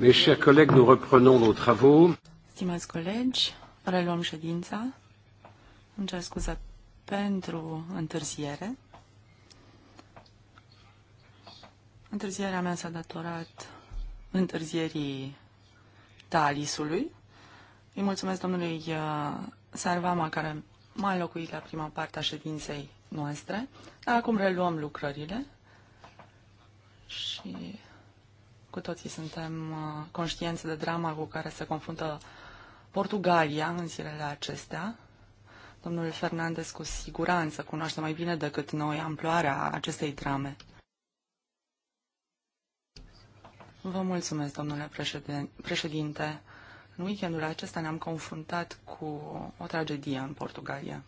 Mes chers collègues, nous reprenons nos travaux. Stimați colegi, reluăm ședința. Îmi cer scuze pentru întârziere. Întârzierea mea s-a datorat întârzierii Talisului. Îi mulțumesc domnului uh, Sarvama care m-a înlocuit la prima parte a ședinței noastre. Acum reluăm lucrările și cu toții suntem uh, conștienți de drama cu care se confruntă Portugalia în zilele acestea. Domnul Fernandez cu siguranță cunoaște mai bine decât noi amploarea acestei drame. Vă mulțumesc, domnule președinte. În weekendul acesta ne-am confruntat cu o tragedie în Portugalia.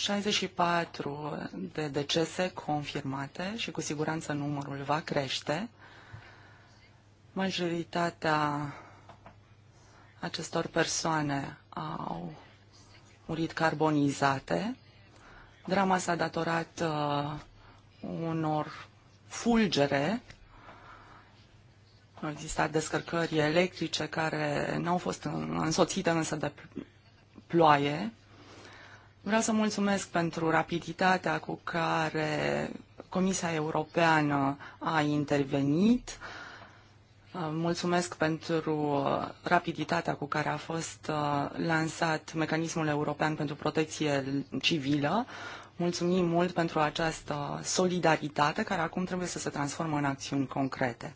64 de decese confirmate și cu siguranță numărul va crește. Majoritatea acestor persoane au murit carbonizate. Drama s-a datorat uh, unor fulgere. Au existat descărcări electrice care n-au fost însoțite însă de ploaie Vreau să mulțumesc pentru rapiditatea cu care Comisia Europeană a intervenit. Uh, mulțumesc pentru uh, rapiditatea cu care a fost uh, lansat mecanismul european pentru protecție civilă. Mulțumim mult pentru această solidaritate care acum trebuie să se transformă în acțiuni concrete.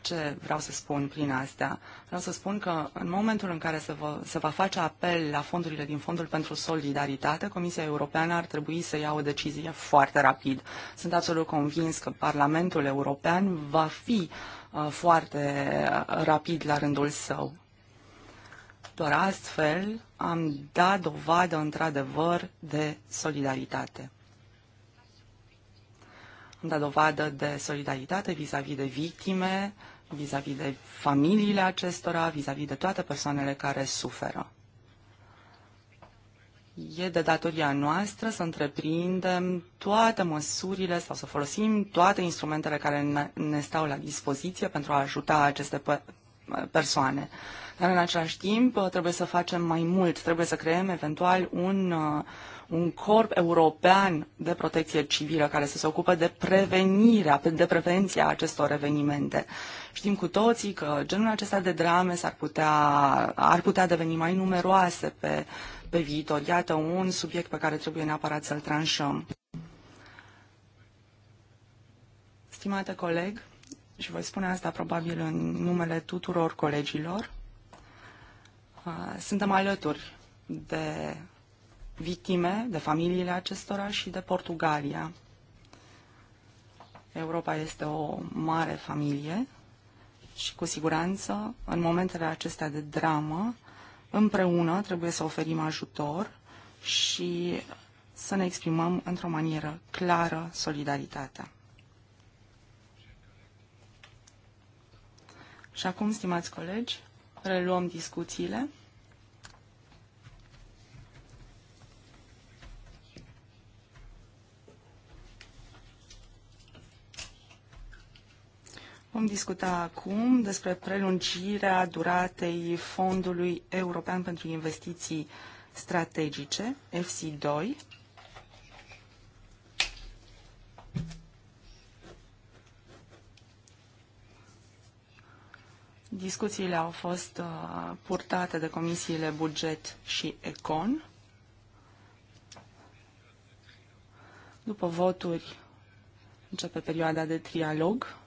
ce vreau să spun prin asta? Vreau să spun că în momentul în care se va, se va face apel la fondurile din Fondul pentru Solidaritate, Comisia Europeană ar trebui să ia o decizie foarte rapid. Sunt absolut convins că Parlamentul European va fi uh, foarte uh, rapid la rândul său. Doar astfel am dat dovadă într-adevăr de solidaritate de dovadă de solidaritate vis-a-vis -vis de victime, vis-a-vis -vis de familiile acestora, vis-a-vis -vis de toate persoanele care suferă. E de datoria noastră să întreprindem toate măsurile sau să folosim toate instrumentele care ne stau la dispoziție pentru a ajuta aceste persoane. Dar în același timp trebuie să facem mai mult, trebuie să creăm eventual un uh, un corp european de protecție civilă care să se ocupe de prevenirea, de prevenția acestor evenimente. Știm cu toții că genul acesta de drame s-ar putea, ar putea deveni mai numeroase pe, pe viitor. Iată un subiect pe care trebuie neapărat să-l tranșăm. Stimate coleg, și voi spune asta probabil în numele tuturor colegilor, suntem alături de victime, de familiile acestora și de Portugalia. Europa este o mare familie și cu siguranță în momentele acestea de dramă împreună trebuie să oferim ajutor și să ne exprimăm într-o manieră clară solidaritatea. Și acum, stimați colegi, reluăm discuțiile. Vom discuta acum despre prelungirea duratei Fondului European pentru Investiții Strategice, FC2. Discuțiile au fost uh, purtate de comisiile buget și econ. După voturi începe perioada de trialog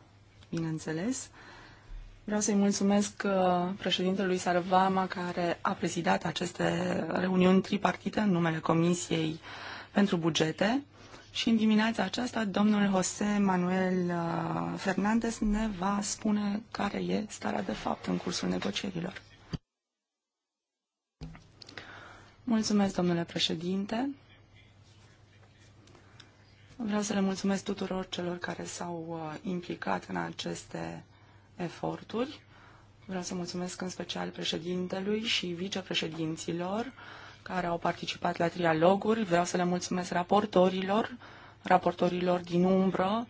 bineînțeles. Vreau să-i mulțumesc uh, președintelui Sarvama care a prezidat aceste reuniuni tripartite în numele Comisiei pentru Bugete. Și în dimineața aceasta, domnul José Manuel uh, Fernandez ne va spune care e starea de fapt în cursul negocierilor. Mulțumesc, domnule președinte. Vreau să le mulțumesc tuturor celor care s-au uh, implicat în aceste eforturi. Vreau să mulțumesc în special președintelui și vicepreședinților care au participat la trialoguri. Vreau să le mulțumesc raportorilor, raportorilor din umbră,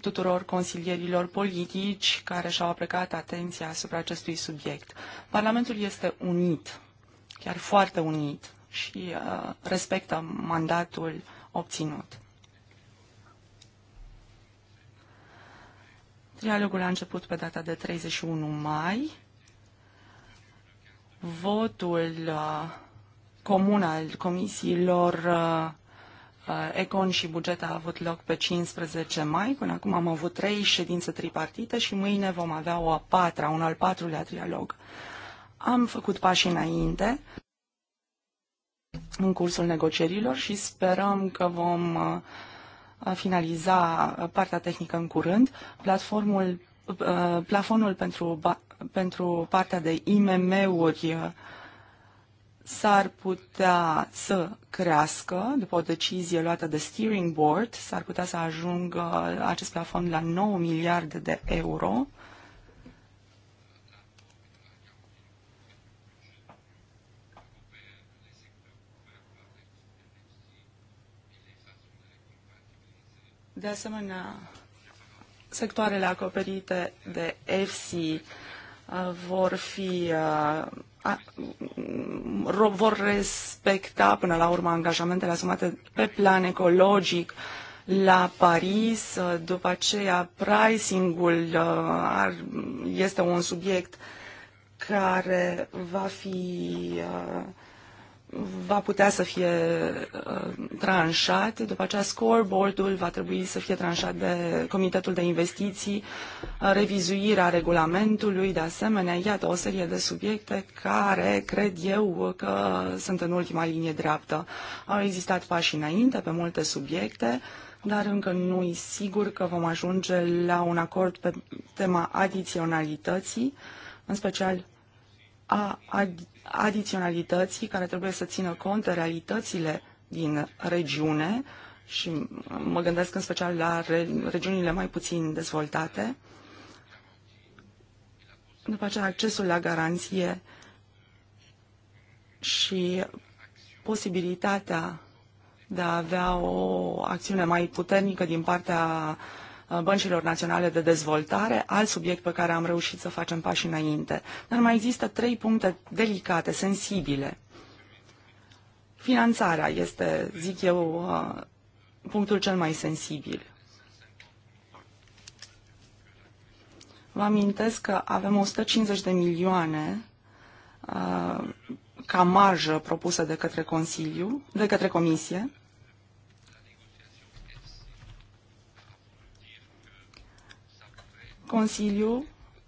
tuturor consilierilor politici care și-au aplicat atenția asupra acestui subiect. Parlamentul este unit, chiar foarte unit și uh, respectă mandatul obținut. Trialogul a început pe data de 31 mai. Votul uh, comun al comisiilor uh, uh, Econ și buget a avut loc pe 15 mai. Până acum am avut trei ședințe tripartite și mâine vom avea o a patra, un al patrulea trialog. Am făcut pași înainte în cursul negocierilor și sperăm că vom finaliza uh, partea tehnică în curând. Platformul, uh, plafonul pentru, pentru partea de IMM-uri uh, s-ar putea să crească, după o decizie luată de steering board, s-ar putea să ajungă acest plafon la 9 miliarde de euro. De asemenea, sectoarele acoperite de EFSI uh, vor fi uh, vor respecta până la urmă angajamentele asumate pe plan ecologic la Paris, uh, după aceea pricing-ul este un subiect care va fi uh, va putea să fie uh, tranșat. După aceea, scoreboard-ul va trebui să fie tranșat de Comitetul de Investiții, uh, revizuirea regulamentului, de asemenea, iată o serie de subiecte care cred eu că sunt în ultima linie dreaptă. Au existat pași înainte pe multe subiecte, dar încă nu e sigur că vom ajunge la un acord pe tema adiționalității, în special a adi- adiționalității care trebuie să țină cont de realitățile din regiune și mă gândesc în special la regiunile mai puțin dezvoltate. După aceea, accesul la garanție și posibilitatea de a avea o acțiune mai puternică din partea uh, Uh, băncilor naționale de dezvoltare, alt subiect pe care am reușit să facem pași înainte. Dar mai există trei puncte delicate, sensibile. Finanțarea este, zic eu, uh, punctul cel mai sensibil. Vă amintesc că avem 150 de milioane uh, ca marjă propusă de către Consiliu, de către Comisie. Consiliu,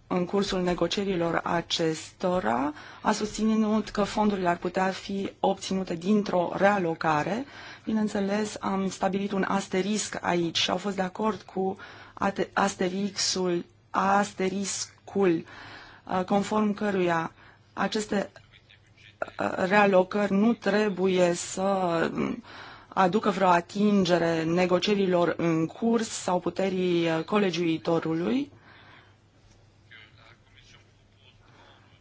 în cursul negocierilor acestora, a susținut că fondurile ar putea fi obținute dintr-o realocare. Bineînțeles, am stabilit un asterisc aici și au fost de acord cu asterixul, asteriscul uh, conform căruia aceste uh, realocări nu trebuie să uh, aducă vreo atingere negocierilor în curs sau puterii colegiuitorului.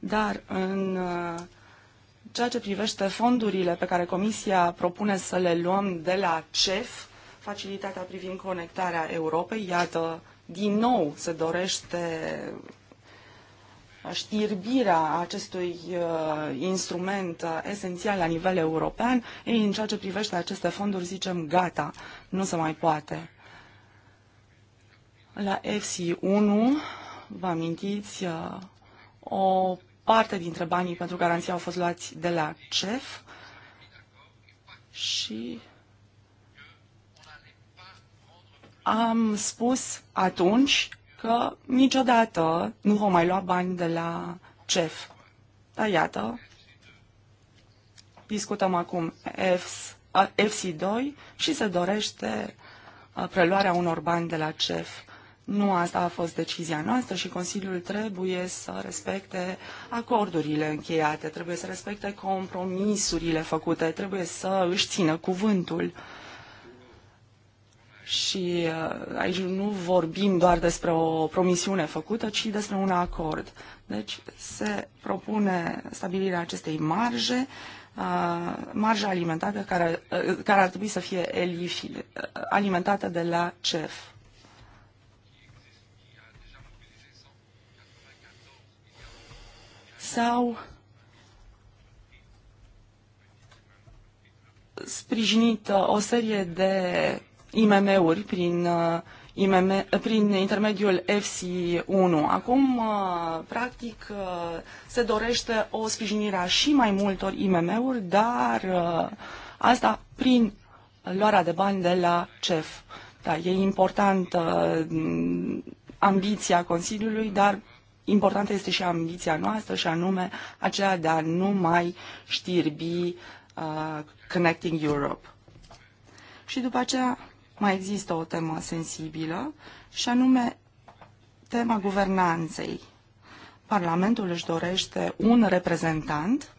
Dar în uh, ceea ce privește fondurile pe care Comisia propune să le luăm de la CEF, facilitatea privind conectarea Europei, iată, din nou se dorește știrbirea acestui uh, instrument uh, esențial la nivel european, ei, în ceea ce privește aceste fonduri, zicem gata, nu se mai poate. La FC1, vă amintiți, uh, o parte dintre banii pentru garanție au fost luați de la CEF și am spus atunci că niciodată nu vom mai lua bani de la CEF. Dar iată, discutăm acum FC2 și se dorește uh, preluarea unor bani de la CEF. Nu asta a fost decizia noastră și Consiliul trebuie să respecte acordurile încheiate, trebuie să respecte compromisurile făcute, trebuie să își țină cuvântul. Și uh, aici nu vorbim doar despre o promisiune făcută, ci despre un acord. Deci se propune stabilirea acestei marje, uh, marja alimentată care, uh, care ar trebui să fie alimentată de la CEF. sau sprijinit uh, o serie de IMM-uri prin, uh, IMM, uh, prin intermediul FC1. Acum, practic, se dorește o sprijinire a și mai multor IMM-uri, dar asta prin luarea de bani de la CEF. Da, e importantă ambiția Consiliului, dar importantă este și ambiția noastră și anume aceea de a nu mai știrbi uh, Connecting Europe. Și după aceea mai există o temă sensibilă și anume tema guvernanței. Parlamentul își dorește un reprezentant,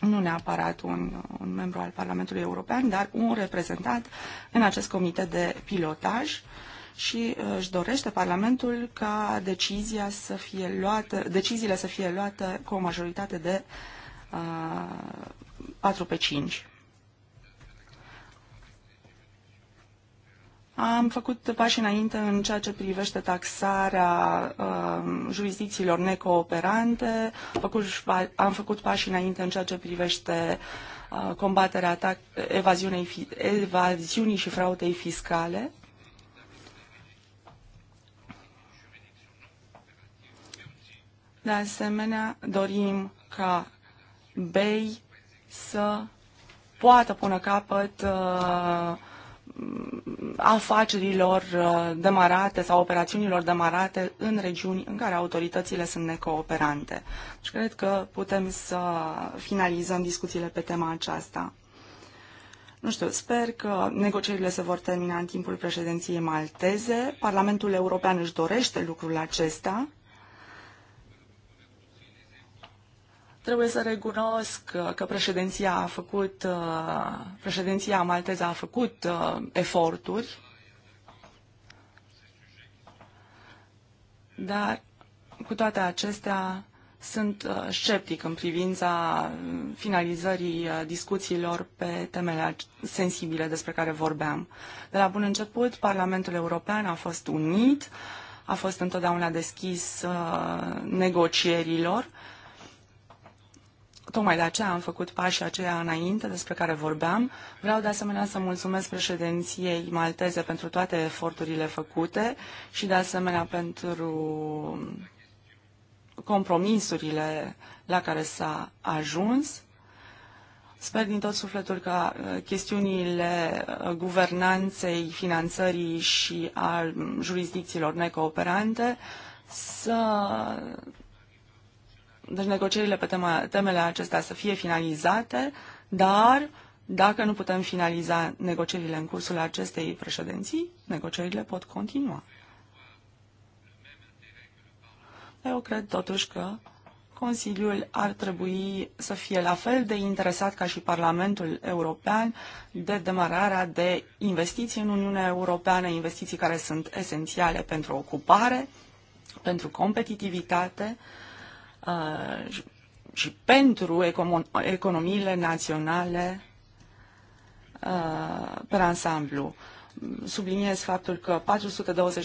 nu neapărat un, un membru al Parlamentului European, dar un reprezentant în acest comitet de pilotaj uh, și uh, își dorește Parlamentul ca decizia să fie luată, deciziile să fie luate cu o majoritate de uh, 4 pe 5. Am făcut pași înainte în ceea ce privește taxarea uh, jurisdicțiilor necooperante, făcut, am făcut pași înainte în ceea ce privește uh, combaterea evaziunii, evaziunii și fraudei fiscale. De asemenea, dorim ca BEI să poată pune capăt uh, afacerilor uh, demarate sau operațiunilor demarate în regiuni în care autoritățile sunt necooperante. Și deci, cred că putem să finalizăm discuțiile pe tema aceasta. Nu știu, sper că negocierile se vor termina în timpul președinției malteze. Parlamentul European își dorește lucrul acesta. Trebuie să recunosc uh, că președinția a făcut, uh, președinția malteză a făcut uh, eforturi, dar cu toate acestea sunt sceptic în privința finalizării discuțiilor pe temele sensibile despre care vorbeam. De la bun început, Parlamentul European a fost unit, a fost întotdeauna deschis negocierilor Tocmai de aceea am făcut pașii aceia înainte despre care vorbeam. Vreau de asemenea să mulțumesc președinției malteze pentru toate eforturile făcute și de asemenea pentru compromisurile la care s-a ajuns. Sper din tot sufletul că uh, chestiunile uh, guvernanței, finanțării și a jurisdicțiilor necooperante să deci negocierile pe tema, temele acestea să fie finalizate, dar dacă nu putem finaliza negocierile în cursul acestei președinții, negocierile pot continua. Eu cred totuși că Consiliul ar trebui să fie la fel de interesat ca și Parlamentul European de demararea de investiții în Uniunea Europeană, investiții care sunt esențiale pentru ocupare, pentru competitivitate, uh, Uh, și pentru economiile naționale uh, pe ansamblu. Subliniez faptul că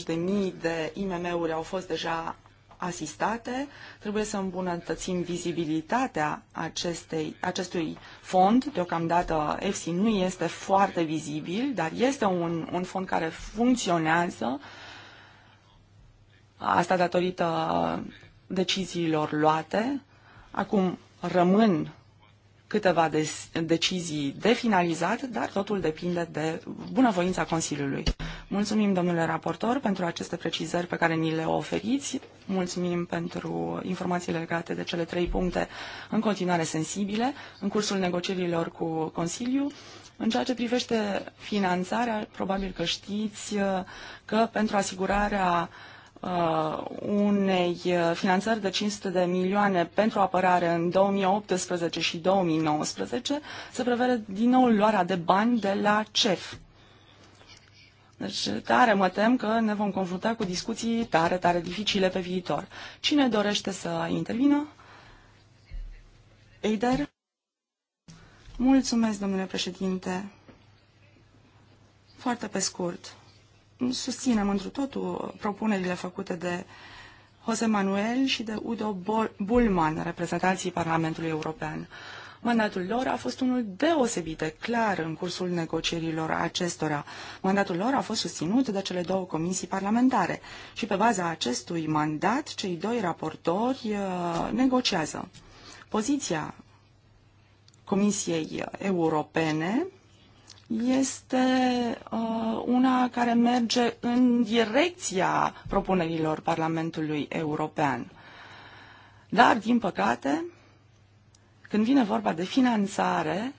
420.000 de IMM-uri au fost deja asistate, trebuie să îmbunătățim vizibilitatea acestei, acestui fond. Deocamdată EFSI nu este foarte vizibil, dar este un, un fond care funcționează, asta datorită deciziilor luate. Acum rămân câteva de- decizii de finalizat, dar totul depinde de bunăvoința Consiliului. Mulțumim, domnule raportor, pentru aceste precizări pe care ni le oferiți. Mulțumim pentru informațiile legate de cele trei puncte în continuare sensibile în cursul negocierilor cu Consiliu. În ceea ce privește finanțarea, probabil că știți uh, că pentru asigurarea uh, Uh, unei uh, finanțări de 500 de milioane pentru apărare în 2018 și 2019, se prevede din nou luarea de bani de la CEF. Deci tare mă tem că ne vom confrunta cu discuții tare, tare dificile pe viitor. Cine dorește să intervină? Eider? Mulțumesc, domnule președinte. Foarte pe scurt susținem întru totul propunerile făcute de Jose Manuel și de Udo Bullman, reprezentanții Parlamentului European. Mandatul lor a fost unul deosebit de clar în cursul negocierilor acestora. Mandatul lor a fost susținut de cele două comisii parlamentare și pe baza acestui mandat cei doi raportori uh, negociază. Poziția Comisiei Europene este uh, una care merge în direcția propunerilor Parlamentului European. Dar, din păcate, când vine vorba de finanțare,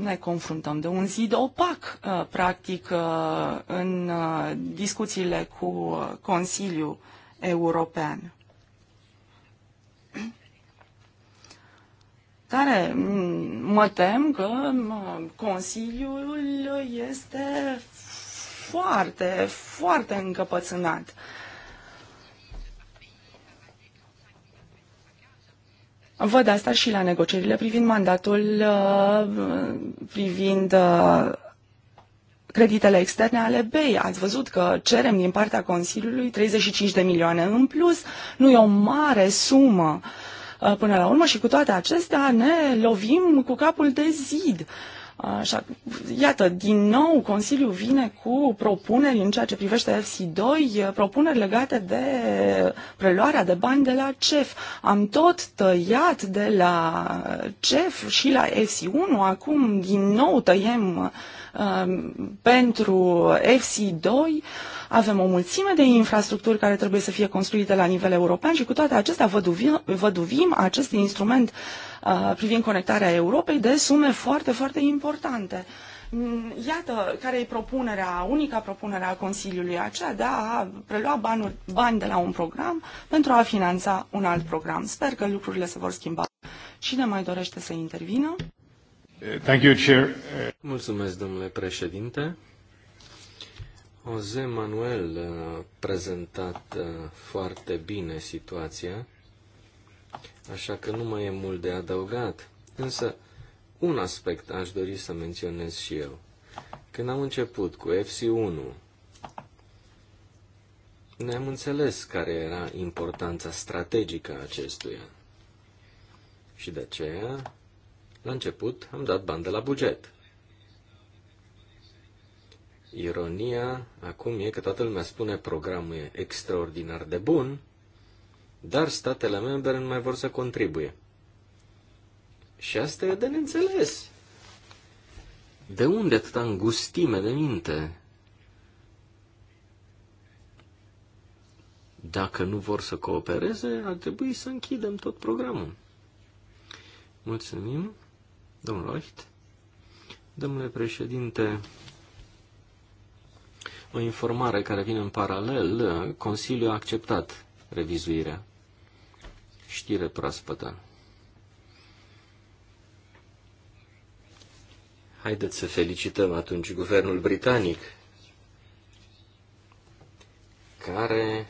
ne confruntăm de un zid opac, uh, practic, uh, în uh, discuțiile cu Consiliul European. care mă tem că Consiliul este foarte, foarte încăpățânat. Văd asta și la negocierile privind mandatul, uh, privind uh, creditele externe ale BEI. Ați văzut că cerem din partea Consiliului 35 de milioane în plus. Nu e o mare sumă. Uh, Uh, până la urmă și cu toate acestea ne lovim cu capul de zid. Uh, Așa, iată, din nou Consiliul vine cu propuneri în ceea ce privește FC2, uh, propuneri legate de preluarea de bani de la CEF. Am tot tăiat de la CEF și la FC1, acum din nou tăiem uh, Um, pentru FC2 avem o mulțime de infrastructuri care trebuie să fie construite la nivel european și cu toate acestea văduvim, văduvim acest instrument uh, privind conectarea Europei de sume foarte, foarte importante. Mm, iată care e propunerea, unica propunere a Consiliului, aceea de a prelua banuri, bani de la un program pentru a finanța un alt program. Sper că lucrurile se vor schimba. Cine mai dorește să intervină? Thank you, Chair. Mulțumesc, domnule președinte. Jose Manuel a prezentat uh, foarte bine situația, așa că nu mai e mult de adăugat. Însă, un aspect aș dori să menționez și eu. Când am început cu FC1, ne-am înțeles care era importanța strategică a acestuia. Și de aceea la început am dat bani de la buget. Ironia acum e că toată lumea spune programul e extraordinar de bun, dar statele membre nu mai vor să contribuie. Și asta e de neînțeles. De unde atâta îngustime de minte? Dacă nu vor să coopereze, ar trebui să închidem tot programul. Mulțumim. Domnul Oicht. Domnule președinte, o informare care vine în paralel, Consiliul a acceptat revizuirea. Știre proaspătă. Haideți să felicităm atunci guvernul britanic, care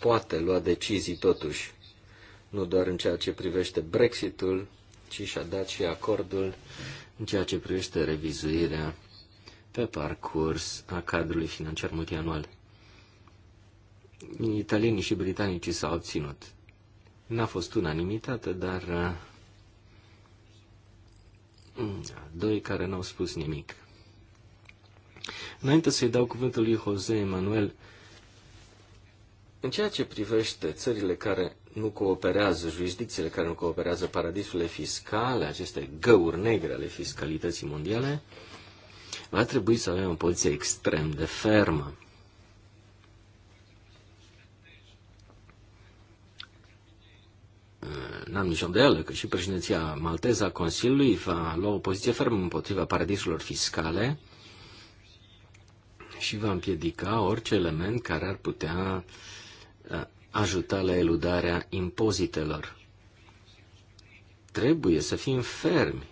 poate lua decizii totuși, nu doar în ceea ce privește Brexitul, ci și-a dat și acordul în ceea ce privește revizuirea pe parcurs a cadrului financiar multianual. Italienii și britanicii s-au obținut. N-a fost unanimitate, dar mm, doi care n-au spus nimic. Înainte să-i dau cuvântul lui Jose Emanuel, în ceea ce privește țările care nu cooperează, jurisdicțiile care nu cooperează, paradisurile fiscale, aceste găuri negre ale fiscalității mondiale, va trebui să avem o poziție extrem de fermă. N-am nicio îndoială că și președinția malteză a Consiliului va lua o poziție fermă împotriva paradisurilor fiscale și va împiedica orice element care ar putea ajuta la eludarea impozitelor. Trebuie să fim fermi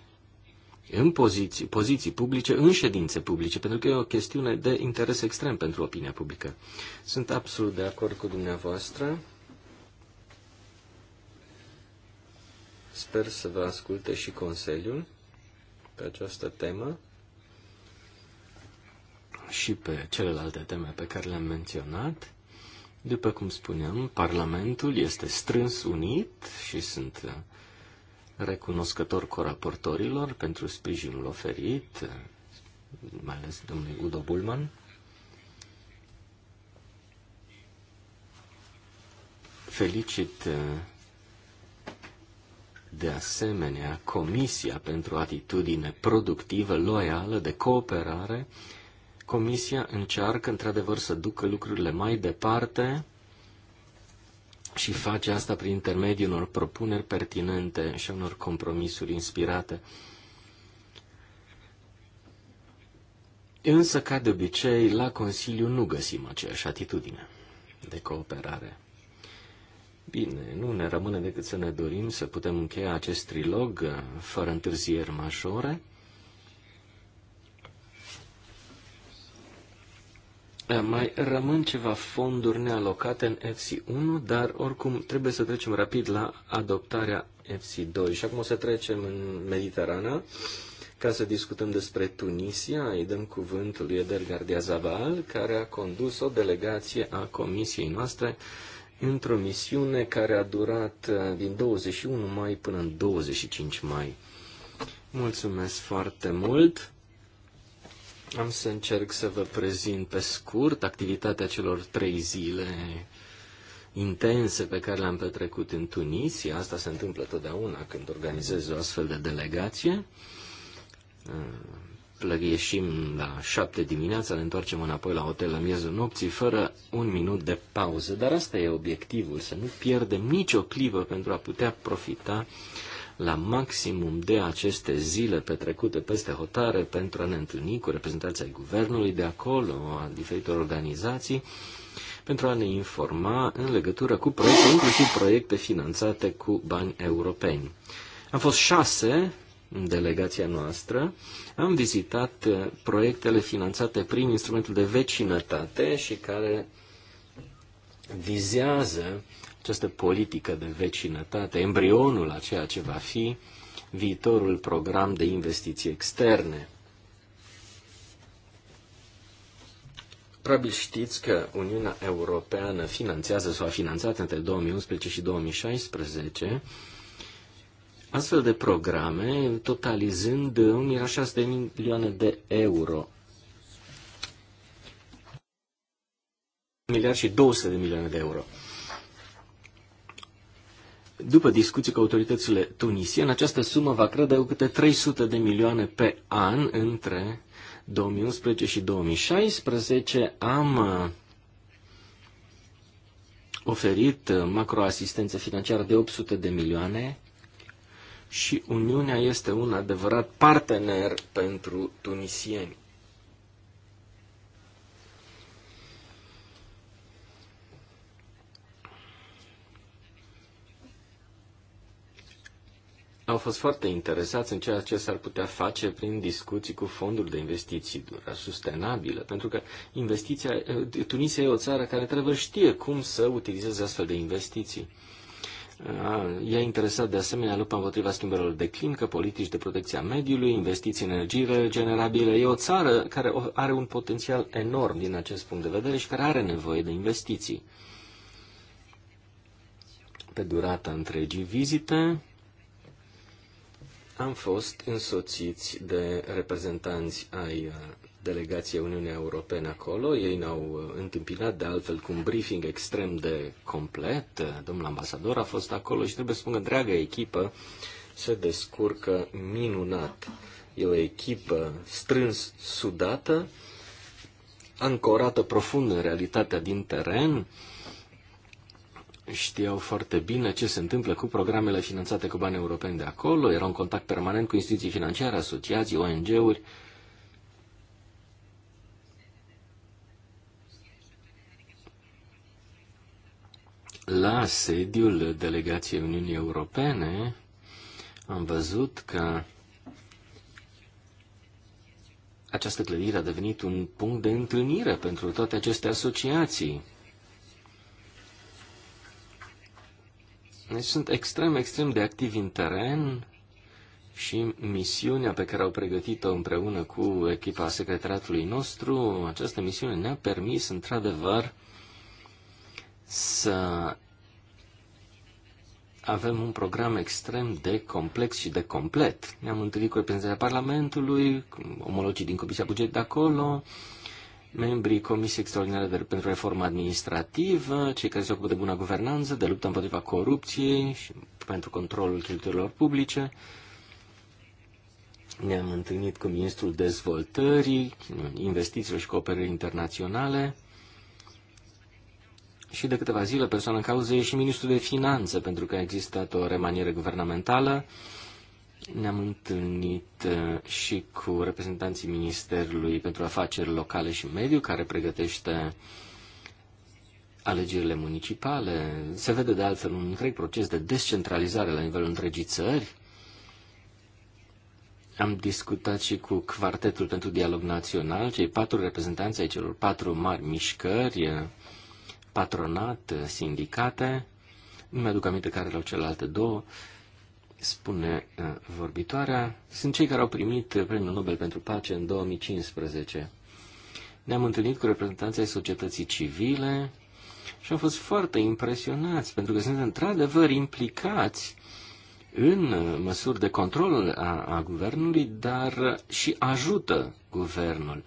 în poziții, poziții publice, în ședințe publice, pentru că e o chestiune de interes extrem pentru opinia publică. Sunt absolut de acord cu dumneavoastră. Sper să vă asculte și Consiliul pe această temă și pe celelalte teme pe care le-am menționat. După cum spuneam, Parlamentul este strâns unit și sunt uh, recunoscător coraportorilor pentru sprijinul oferit, uh, mai ales domnului Udo Bulman. Felicit uh, de asemenea Comisia pentru atitudine productivă, loială, de cooperare Comisia încearcă într-adevăr să ducă lucrurile mai departe și face asta prin intermediul unor propuneri pertinente și unor compromisuri inspirate. Însă, ca de obicei, la Consiliu nu găsim aceeași atitudine de cooperare. Bine, nu ne rămâne decât să ne dorim să putem încheia acest trilog fără întârzieri majore Mai rămân ceva fonduri nealocate în FC1, dar oricum trebuie să trecem rapid la adoptarea FC2. Și acum o să trecem în Mediterana ca să discutăm despre Tunisia. Îi dăm cuvântul lui Eder Gardia care a condus o delegație a comisiei noastre într-o misiune care a durat uh, din 21 mai până în 25 mai. Mulțumesc foarte mult! Am să încerc să vă prezint pe scurt activitatea celor trei zile intense pe care le-am petrecut în Tunisia. Asta se întâmplă totdeauna când organizez o astfel de delegație. Ieșim la șapte dimineața, ne întoarcem înapoi la hotel la miezul nopții, fără un minut de pauză. Dar asta e obiectivul, să nu pierdem nicio clipă pentru a putea profita uh, la maximum de aceste zile petrecute peste hotare pentru a ne întâlni cu reprezentanții ai guvernului de acolo, a diferitor organizații, pentru a ne informa în legătură cu proiecte, inclusiv proiecte finanțate cu bani europeni. Am fost șase în delegația noastră, am vizitat uh, proiectele finanțate prin instrumentul de vecinătate și care vizează această politică de vecinătate, embrionul a ceea ce va fi viitorul program de investiții externe. Probabil știți că Uniunea Europeană finanțează sau a finanțat între 2011 și 2016 astfel de programe, totalizând 1.600 de milioane de euro. miliard și 200 de milioane de euro. După discuții cu autoritățile tunisiene, această sumă va crede o câte 300 de milioane pe an între 2011 și 2016. Am uh, oferit uh, macroasistență financiară de 800 de milioane și Uniunea este un adevărat partener pentru tunisieni. au fost foarte interesați în ceea ce s-ar putea face prin discuții cu fondul de investiții sustenabilă, pentru că investiția, eh, Tunisia e o țară care trebuie știe cum să utilizeze astfel de investiții. E a interesat de asemenea lupta împotriva schimbărilor de climă, politici de protecție a mediului, investiții în energie regenerabile. E o țară care are un potențial enorm din acest punct de vedere și care are nevoie de investiții. Pe durata întregii vizite, am fost însoțiți de reprezentanți ai uh, delegației Uniunii Europene acolo. Ei ne-au uh, întâmpinat de altfel cu un briefing extrem de complet. Uh, domnul ambasador a fost acolo și trebuie să spun că dragă echipă se descurcă minunat. E o echipă strâns sudată, ancorată profund în realitatea din teren, știau foarte bine ce se întâmplă cu programele finanțate cu bani europeni de acolo, erau în contact permanent cu instituții financiare, asociații, ONG-uri. La sediul delegației Uniunii Europene am văzut că această clădire a devenit un punct de întâlnire pentru toate aceste asociații Deci sunt extrem, extrem de activi în teren și misiunea pe care au pregătit-o împreună cu echipa secretariatului nostru, această misiune ne-a permis, într-adevăr, să avem un program extrem de complex și de complet. Ne-am întâlnit cu reprezentarea Parlamentului, cu omologii din Comisia Buget de acolo, membrii Comisiei Extraordinare de, pentru Reformă Administrativă, cei care se ocupă de bună guvernanță, de luptă împotriva corupției și pentru controlul cheltuielor publice. Ne-am întâlnit cu Ministrul Dezvoltării, Investițiilor și Cooperării Internaționale și de câteva zile persoana în cauză e și Ministrul de Finanțe, pentru că a existat o remaniere guvernamentală ne-am întâlnit uh, și cu reprezentanții Ministerului pentru Afaceri Locale și Mediu, care pregătește alegerile municipale. Se vede de altfel un întreg proces de descentralizare la nivelul întregii țări. Am discutat și cu Quartetul pentru Dialog Național, cei patru reprezentanți ai celor patru mari mișcări, patronat, sindicate. Nu mi-aduc aminte care erau celelalte două spune uh, vorbitoarea, sunt cei care au primit uh, Premiul Nobel pentru Pace în 2015. Ne-am întâlnit cu reprezentanții societății civile și am fost foarte impresionați, pentru că sunt într-adevăr implicați în uh, măsuri de control a, a guvernului, dar și ajută guvernul,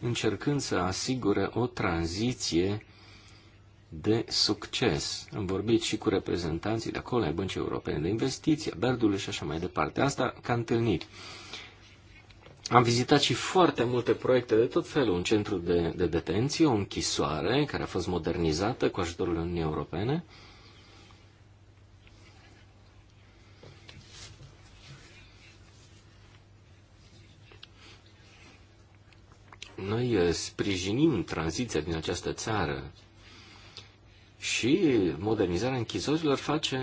încercând să asigure o tranziție de succes. Am vorbit și cu reprezentanții de acolo, ai Băncii Europene de Investiții, Berdului și așa mai departe. Asta ca întâlniri. Am vizitat și foarte multe proiecte de tot felul. Un centru de, de detenție, o închisoare care a fost modernizată cu ajutorul Uniunii Europene. Noi eh, sprijinim tranziția din această țară și modernizarea închisorilor face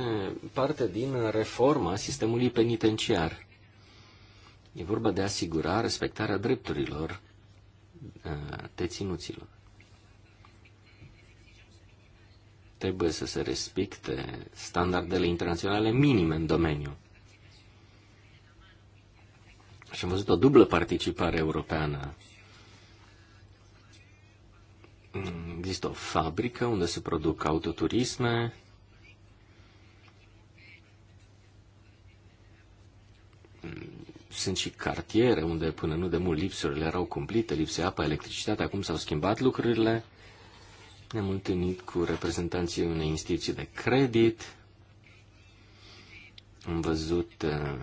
parte din reforma sistemului penitenciar. E vorba de a asigura respectarea drepturilor deținuților. Trebuie să se respecte standardele internaționale minime în domeniu. Și am văzut o dublă participare europeană Există o fabrică unde se produc autoturisme. Sunt și cartiere unde până nu de mult lipsurile erau cumplite, lipsea apa, electricitate, acum s-au schimbat lucrurile. Ne-am întâlnit cu reprezentanții unei instituții de credit. Am văzut uh,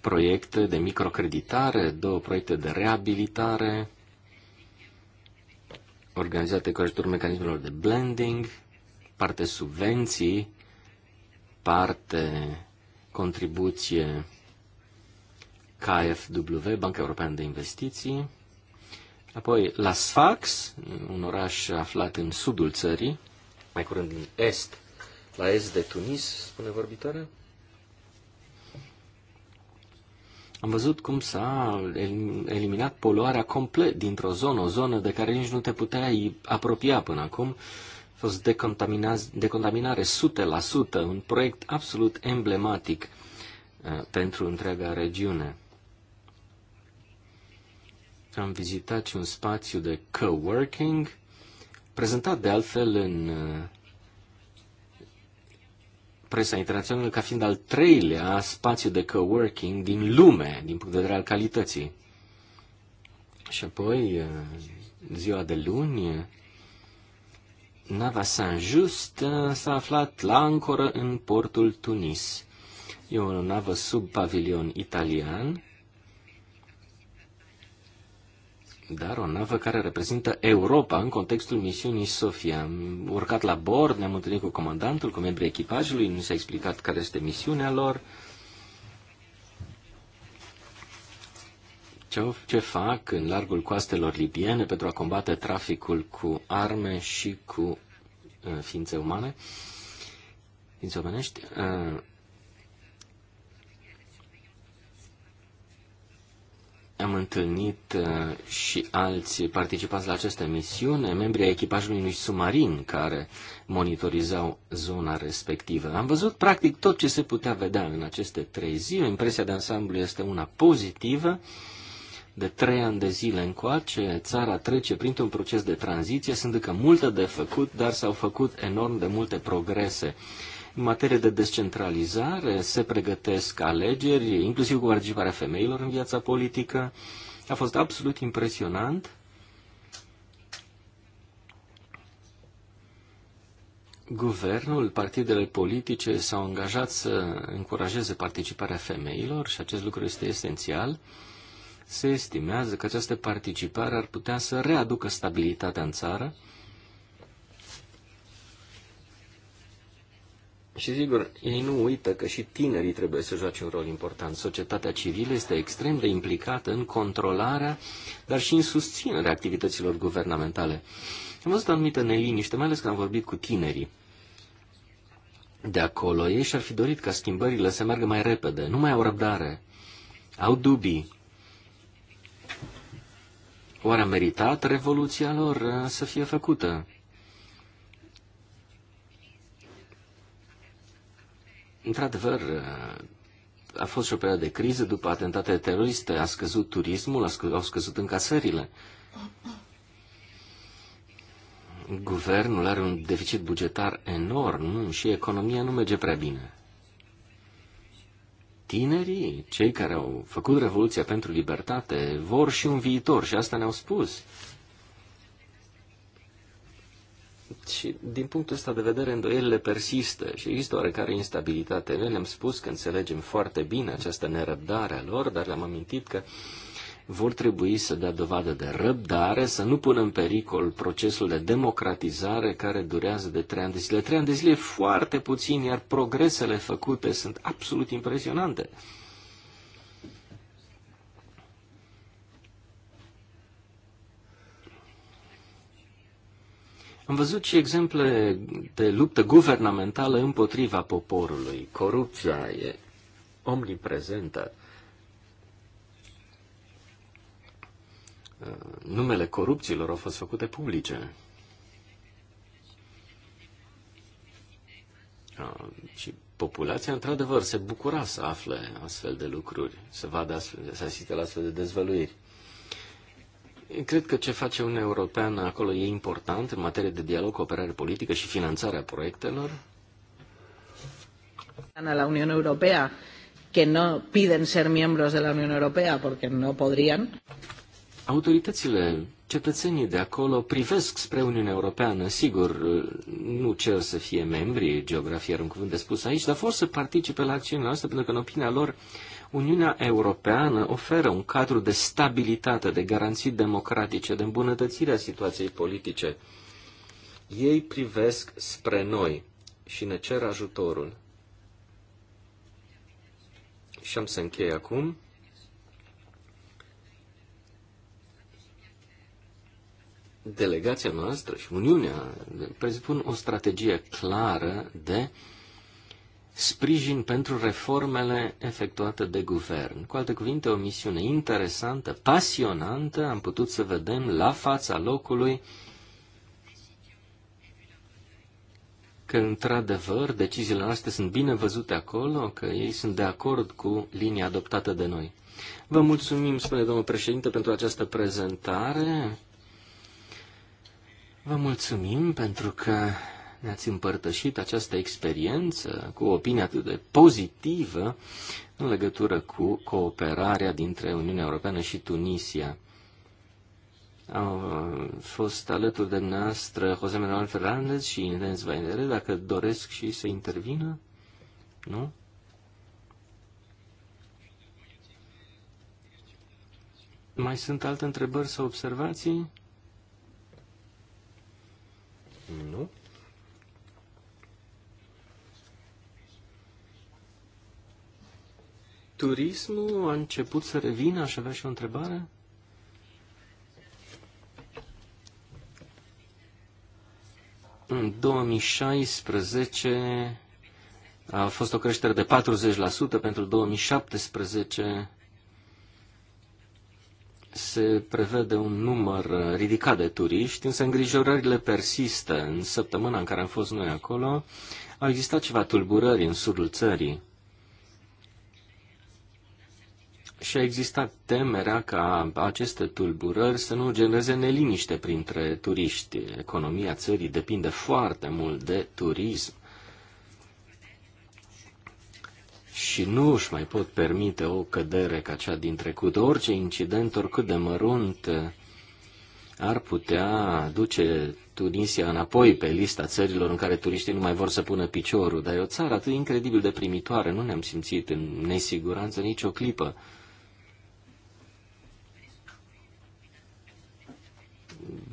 proiecte de microcreditare, două proiecte de reabilitare organizate cu ajutorul mecanismelor de blending, parte subvenții, parte contribuție KFW, Banca Europeană de Investiții, apoi la Sfax, un oraș aflat în sudul țării, mai curând în est, la est de Tunis, spune vorbitoarea, Am văzut cum s-a eliminat poluarea complet dintr-o zonă, o zonă de care nici nu te puteai apropia până acum. A fost decontaminare 100%, un proiect absolut emblematic uh, pentru întreaga regiune. Am vizitat și un spațiu de coworking, prezentat de altfel în uh, presa internațională ca fiind al treilea spațiu de coworking din lume, din punct de vedere al calității. Și apoi, eh, ziua de luni, nava Saint-Just eh, s-a aflat la ancoră în portul Tunis. E o navă sub pavilion italian dar o navă care reprezintă Europa în contextul misiunii Sofia. Am urcat la bord, ne-am întâlnit cu comandantul, cu membrii echipajului, nu s-a explicat care este misiunea lor, ce, ce fac în largul coastelor libiene pentru a combate traficul cu arme și cu uh, ființe umane, ființe omenești. Uh, am întâlnit uh, și alți participați la această misiune, membri ai echipajului unui submarin care monitorizau zona respectivă. Am văzut practic tot ce se putea vedea în aceste trei zile. Impresia de ansamblu este una pozitivă. De trei ani de zile încoace, țara trece printr-un proces de tranziție, sunt încă multe de făcut, dar s-au făcut enorm de multe progrese în materie de descentralizare se pregătesc alegeri, inclusiv cu participarea femeilor în viața politică. A fost absolut impresionant. Guvernul, partidele politice s-au angajat să încurajeze participarea femeilor și acest lucru este esențial. Se estimează că această participare ar putea să readucă stabilitatea în țară, Și sigur, ei nu uită că și tinerii trebuie să joace un rol important. Societatea civilă este extrem de implicată în controlarea, dar și în susținerea activităților guvernamentale. Am văzut anumită neliniște, mai ales că am vorbit cu tinerii. De acolo ei și-ar fi dorit ca schimbările să meargă mai repede, nu mai au răbdare, au dubii. Oare a meritat revoluția lor uh, să fie făcută? Într-adevăr, a fost și o perioadă de criză, după atentatele teroriste a scăzut turismul, a scă, au scăzut încasările. Guvernul are un deficit bugetar enorm și economia nu merge prea bine. Tinerii, cei care au făcut Revoluția pentru Libertate, vor și un viitor și asta ne-au spus. Și din punctul ăsta de vedere, îndoielile persistă și există oarecare instabilitate. Noi le-am spus că înțelegem foarte bine această nerăbdare a lor, dar le-am amintit că vor trebui să dea dovadă de răbdare, să nu pună în pericol procesul de democratizare care durează de trei ani de zile. Trei ani de zile foarte puțin, iar progresele făcute sunt absolut impresionante. Am văzut și exemple de luptă guvernamentală împotriva poporului. Corupția e omniprezentă. Uh, numele corupțiilor au fost făcute publice. Uh, și populația, într-adevăr, se bucura să afle astfel de lucruri, să vadă, astfel, să asiste la astfel de dezvăluiri. Cred că ce face Uniunea Europeană acolo e important în materie de dialog, cooperare politică și finanțarea proiectelor. La Uniunea Europeană că nu piden ser miembros de la Uniunea Europeană, pentru că nu podrían. Autoritățile, cetățenii de acolo privesc spre Uniunea Europeană, sigur, nu cer să fie membri, geografia are un cuvânt de spus aici, dar vor să participe la acțiunile noastre pentru că, în opinia lor, Uniunea Europeană oferă un cadru de stabilitate, de garanții democratice, de îmbunătățire a situației politice. Ei privesc spre noi și ne cer ajutorul. Și am să închei acum. Delegația noastră și Uniunea presupun o strategie clară de sprijin pentru reformele efectuate de guvern. Cu alte cuvinte, o misiune interesantă, pasionantă, am putut să vedem la fața locului că, într-adevăr, deciziile noastre sunt bine văzute acolo, că ei sunt de acord cu linia adoptată de noi. Vă mulțumim, spune domnul președinte, pentru această prezentare. Vă mulțumim pentru că ne-ați împărtășit această experiență cu o opinie atât de pozitivă în legătură cu cooperarea dintre Uniunea Europeană și Tunisia. Au uh, fost alături de noastră José Manuel Fernández și Inés Vainere, dacă doresc și să intervină. Nu? Mai sunt alte întrebări sau observații? Nu. turismul a început să revină, aș avea și o întrebare. În 2016 a fost o creștere de 40%, pentru 2017 se prevede un număr ridicat de turiști, însă îngrijorările persistă. În săptămâna în care am fost noi acolo, au existat ceva tulburări în sudul țării. și a existat temerea ca aceste tulburări să nu genereze neliniște printre turiști. Economia țării depinde foarte mult de turism și nu își mai pot permite o cădere ca cea din trecut. Orice incident, oricât de mărunt, ar putea duce Tunisia înapoi pe lista țărilor în care turiștii nu mai vor să pună piciorul, dar e o țară atât incredibil de primitoare, nu ne-am simțit în nesiguranță nicio clipă.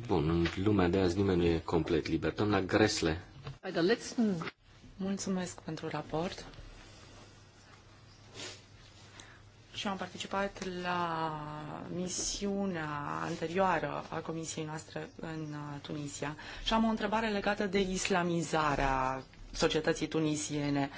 Bun, în lumea de azi nimeni nu e complet liber. Doamna Gresle. Păi, Mulțumesc pentru raport. și am participat la misiunea anterioară a comisiei noastre în uh, Tunisia și am o întrebare legată de islamizarea societății tunisiene. Uh,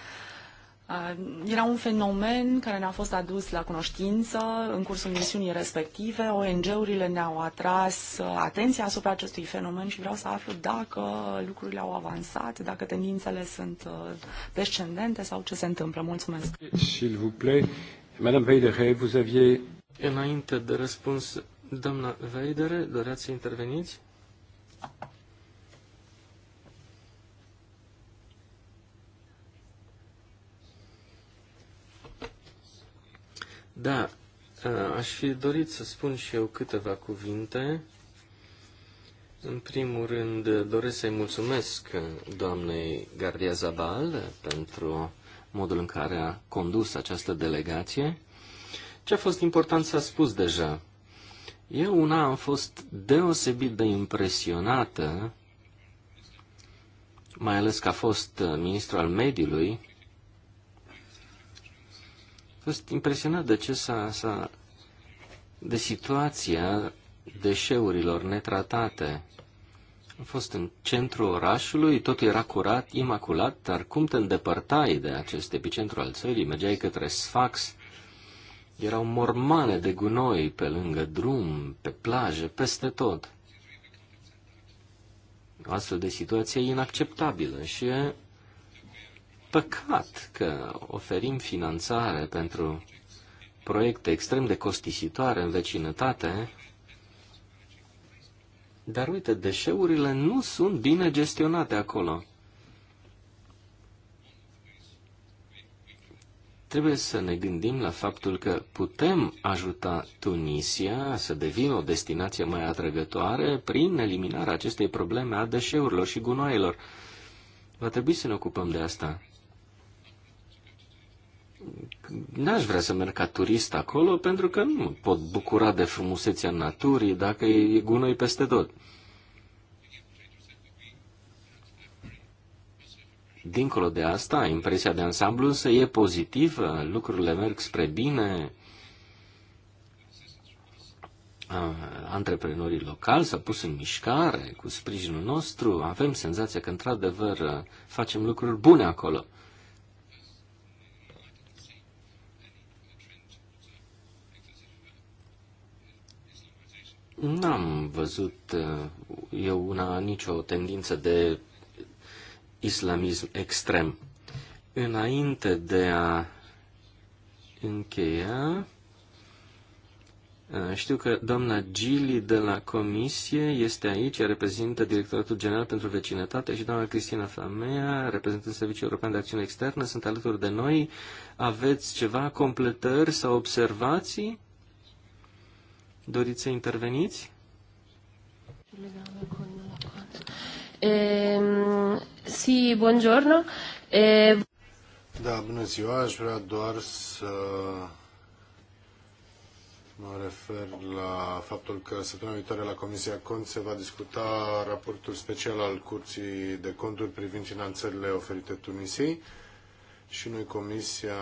Uh, era un fenomen care ne-a fost adus la cunoștință în cursul misiunii respective. ONG-urile ne-au atras uh, atenția asupra acestui fenomen și vreau să aflu dacă lucrurile au avansat, dacă tendințele sunt uh, descendente sau ce se întâmplă. Mulțumesc. S'il vous plaît, Madame Veidere, vous aviez... Înainte de răspuns, doamna Veidere, doreați să interveniți? Da, aș fi dorit să spun și eu câteva cuvinte. În primul rând, doresc să-i mulțumesc doamnei Gardia Zabal pentru modul în care a condus această delegație. Ce a fost important s-a spus deja. Eu una am fost deosebit de impresionată, mai ales că a fost uh, ministru al mediului, fost impresionat de ce s-a, s-a de situația deșeurilor netratate. Am fost în centrul orașului, tot era curat, imaculat, dar cum te îndepărtai de acest epicentru al țării, mergeai către Sfax, erau mormane de gunoi pe lângă drum, pe plaje, peste tot. O astfel de situație e inacceptabilă și păcat că oferim finanțare pentru proiecte extrem de costisitoare în vecinătate, dar uite, deșeurile nu sunt bine gestionate acolo. Trebuie să ne gândim la faptul că putem ajuta Tunisia să devină o destinație mai atrăgătoare prin eliminarea acestei probleme a deșeurilor și gunoaielor. Va trebui să ne ocupăm de asta n-aș vrea să merg ca turist acolo pentru că nu pot bucura de frumusețea naturii dacă e gunoi peste tot. Dincolo de asta, impresia de ansamblu însă e pozitivă, lucrurile merg spre bine, antreprenorii locali s-au pus în mișcare cu sprijinul nostru, avem senzația că într-adevăr facem lucruri bune acolo. N-am văzut uh, eu una nicio tendință de islamism extrem. Înainte de a încheia, uh, știu că doamna Gili de la Comisie este aici, reprezintă Directoratul General pentru Vecinătate și doamna Cristina Famea, reprezentând Serviciul European de Acțiune Externă, sunt alături de noi. Aveți ceva completări sau observații? Doriți să interveniți? Ehm, si, buongiorno. Eh, da, bună ziua. Aș vrea doar să mă refer la faptul că săptămâna viitoare la Comisia Cont se va discuta raportul special al Curții de Conturi privind finanțările oferite Tunisiei și noi Comisia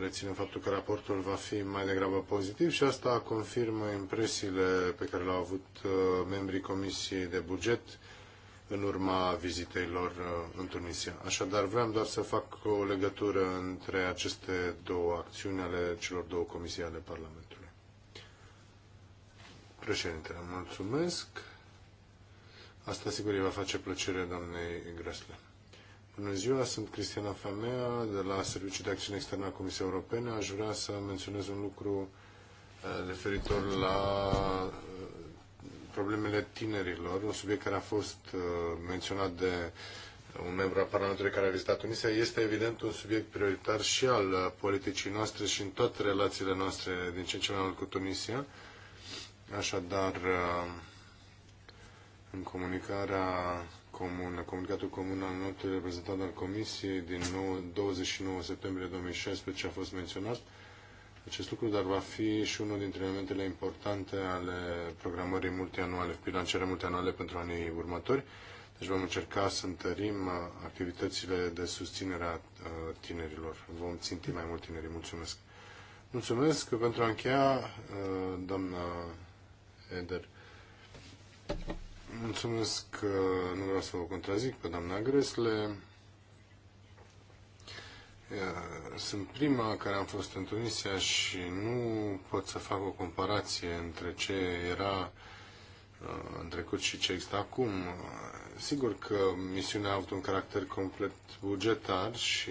reținem faptul că raportul va fi mai degrabă pozitiv și asta confirmă impresiile pe care le-au avut uh, membrii Comisiei de Buget în urma vizitei lor uh, în Tunisia. Așadar, vreau doar să fac o legătură între aceste două acțiuni ale celor două comisii ale Parlamentului. Președinte, mulțumesc. Asta sigur îi va face plăcere doamnei Grăsle. Bună ziua, sunt Cristiana Famea de la Serviciul de Acțiune Externă a Comisiei Europene. Aș vrea să menționez un lucru uh, referitor la uh, problemele tinerilor, un subiect care a fost uh, menționat de un membru al Parlamentului care a vizitat Tunisia, este evident un subiect prioritar și al politicii noastre și în toate relațiile noastre din ce în ce mai mult cu Tunisia. Așadar, în comunicarea comună, comunicatul comun al înaltului reprezentant al Comisiei din 29 septembrie 2016 a fost menționat acest lucru, dar va fi și unul dintre elementele importante ale programării multianuale, financiare multianuale pentru anii următori. Deci vom încerca să întărim uh, activitățile de susținere a uh, tinerilor. Vom ținti mai mult tinerii. Mulțumesc! Mulțumesc pentru a încheia, uh, doamna Eder. Mulțumesc că nu vreau să vă contrazic pe doamna Gresle. Sunt prima care am fost în Tunisia și nu pot să fac o comparație între ce era uh, în trecut și ce există acum. Sigur că misiunea a avut un caracter complet bugetar și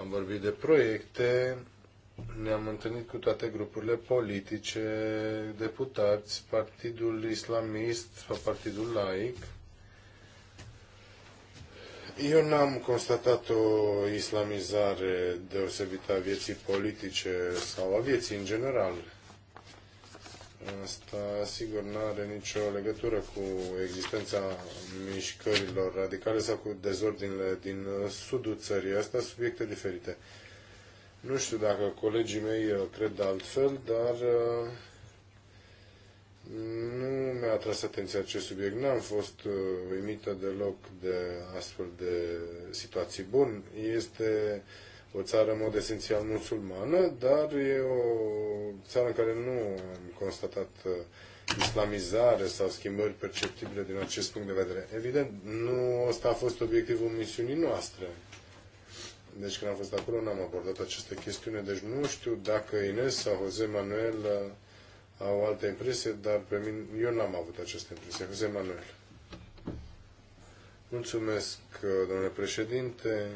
am vorbit de proiecte ne-am întâlnit cu toate grupurile politice, deputați, Partidul Islamist sau Partidul Laic. Eu n-am constatat o islamizare deosebită a vieții politice sau a vieții în general. Asta, sigur, nu are nicio legătură cu existența mișcărilor radicale sau cu dezordinile din sudul țării. Asta subiecte diferite. Nu știu dacă colegii mei uh, cred altfel, dar uh, nu mi-a atras atenția acest subiect. N-am fost uh, uimită deloc de astfel de situații. Bun, este o țară în mod esențial musulmană, dar e o țară în care nu am constatat islamizare sau schimbări perceptibile din acest punct de vedere. Evident, nu ăsta a fost obiectivul misiunii noastre deci când am fost acolo n-am abordat această chestiune, deci nu știu dacă Ines sau Jose Manuel uh, au alte impresie, dar pe mine, eu n-am avut această impresie. Jose Manuel. Mulțumesc, uh, domnule președinte.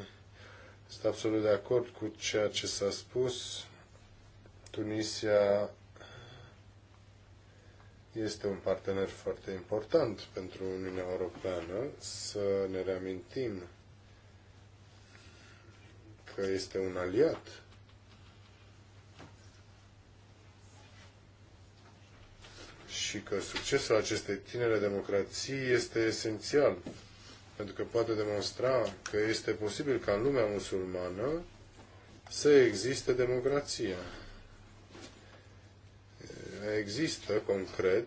Sunt absolut de acord cu ceea ce s-a spus. Tunisia este un partener foarte important pentru Uniunea Europeană. Să ne reamintim că este un aliat. Și că succesul acestei tinere democrații este esențial, pentru că poate demonstra că este posibil ca în lumea musulmană să existe democrația, Există, concret,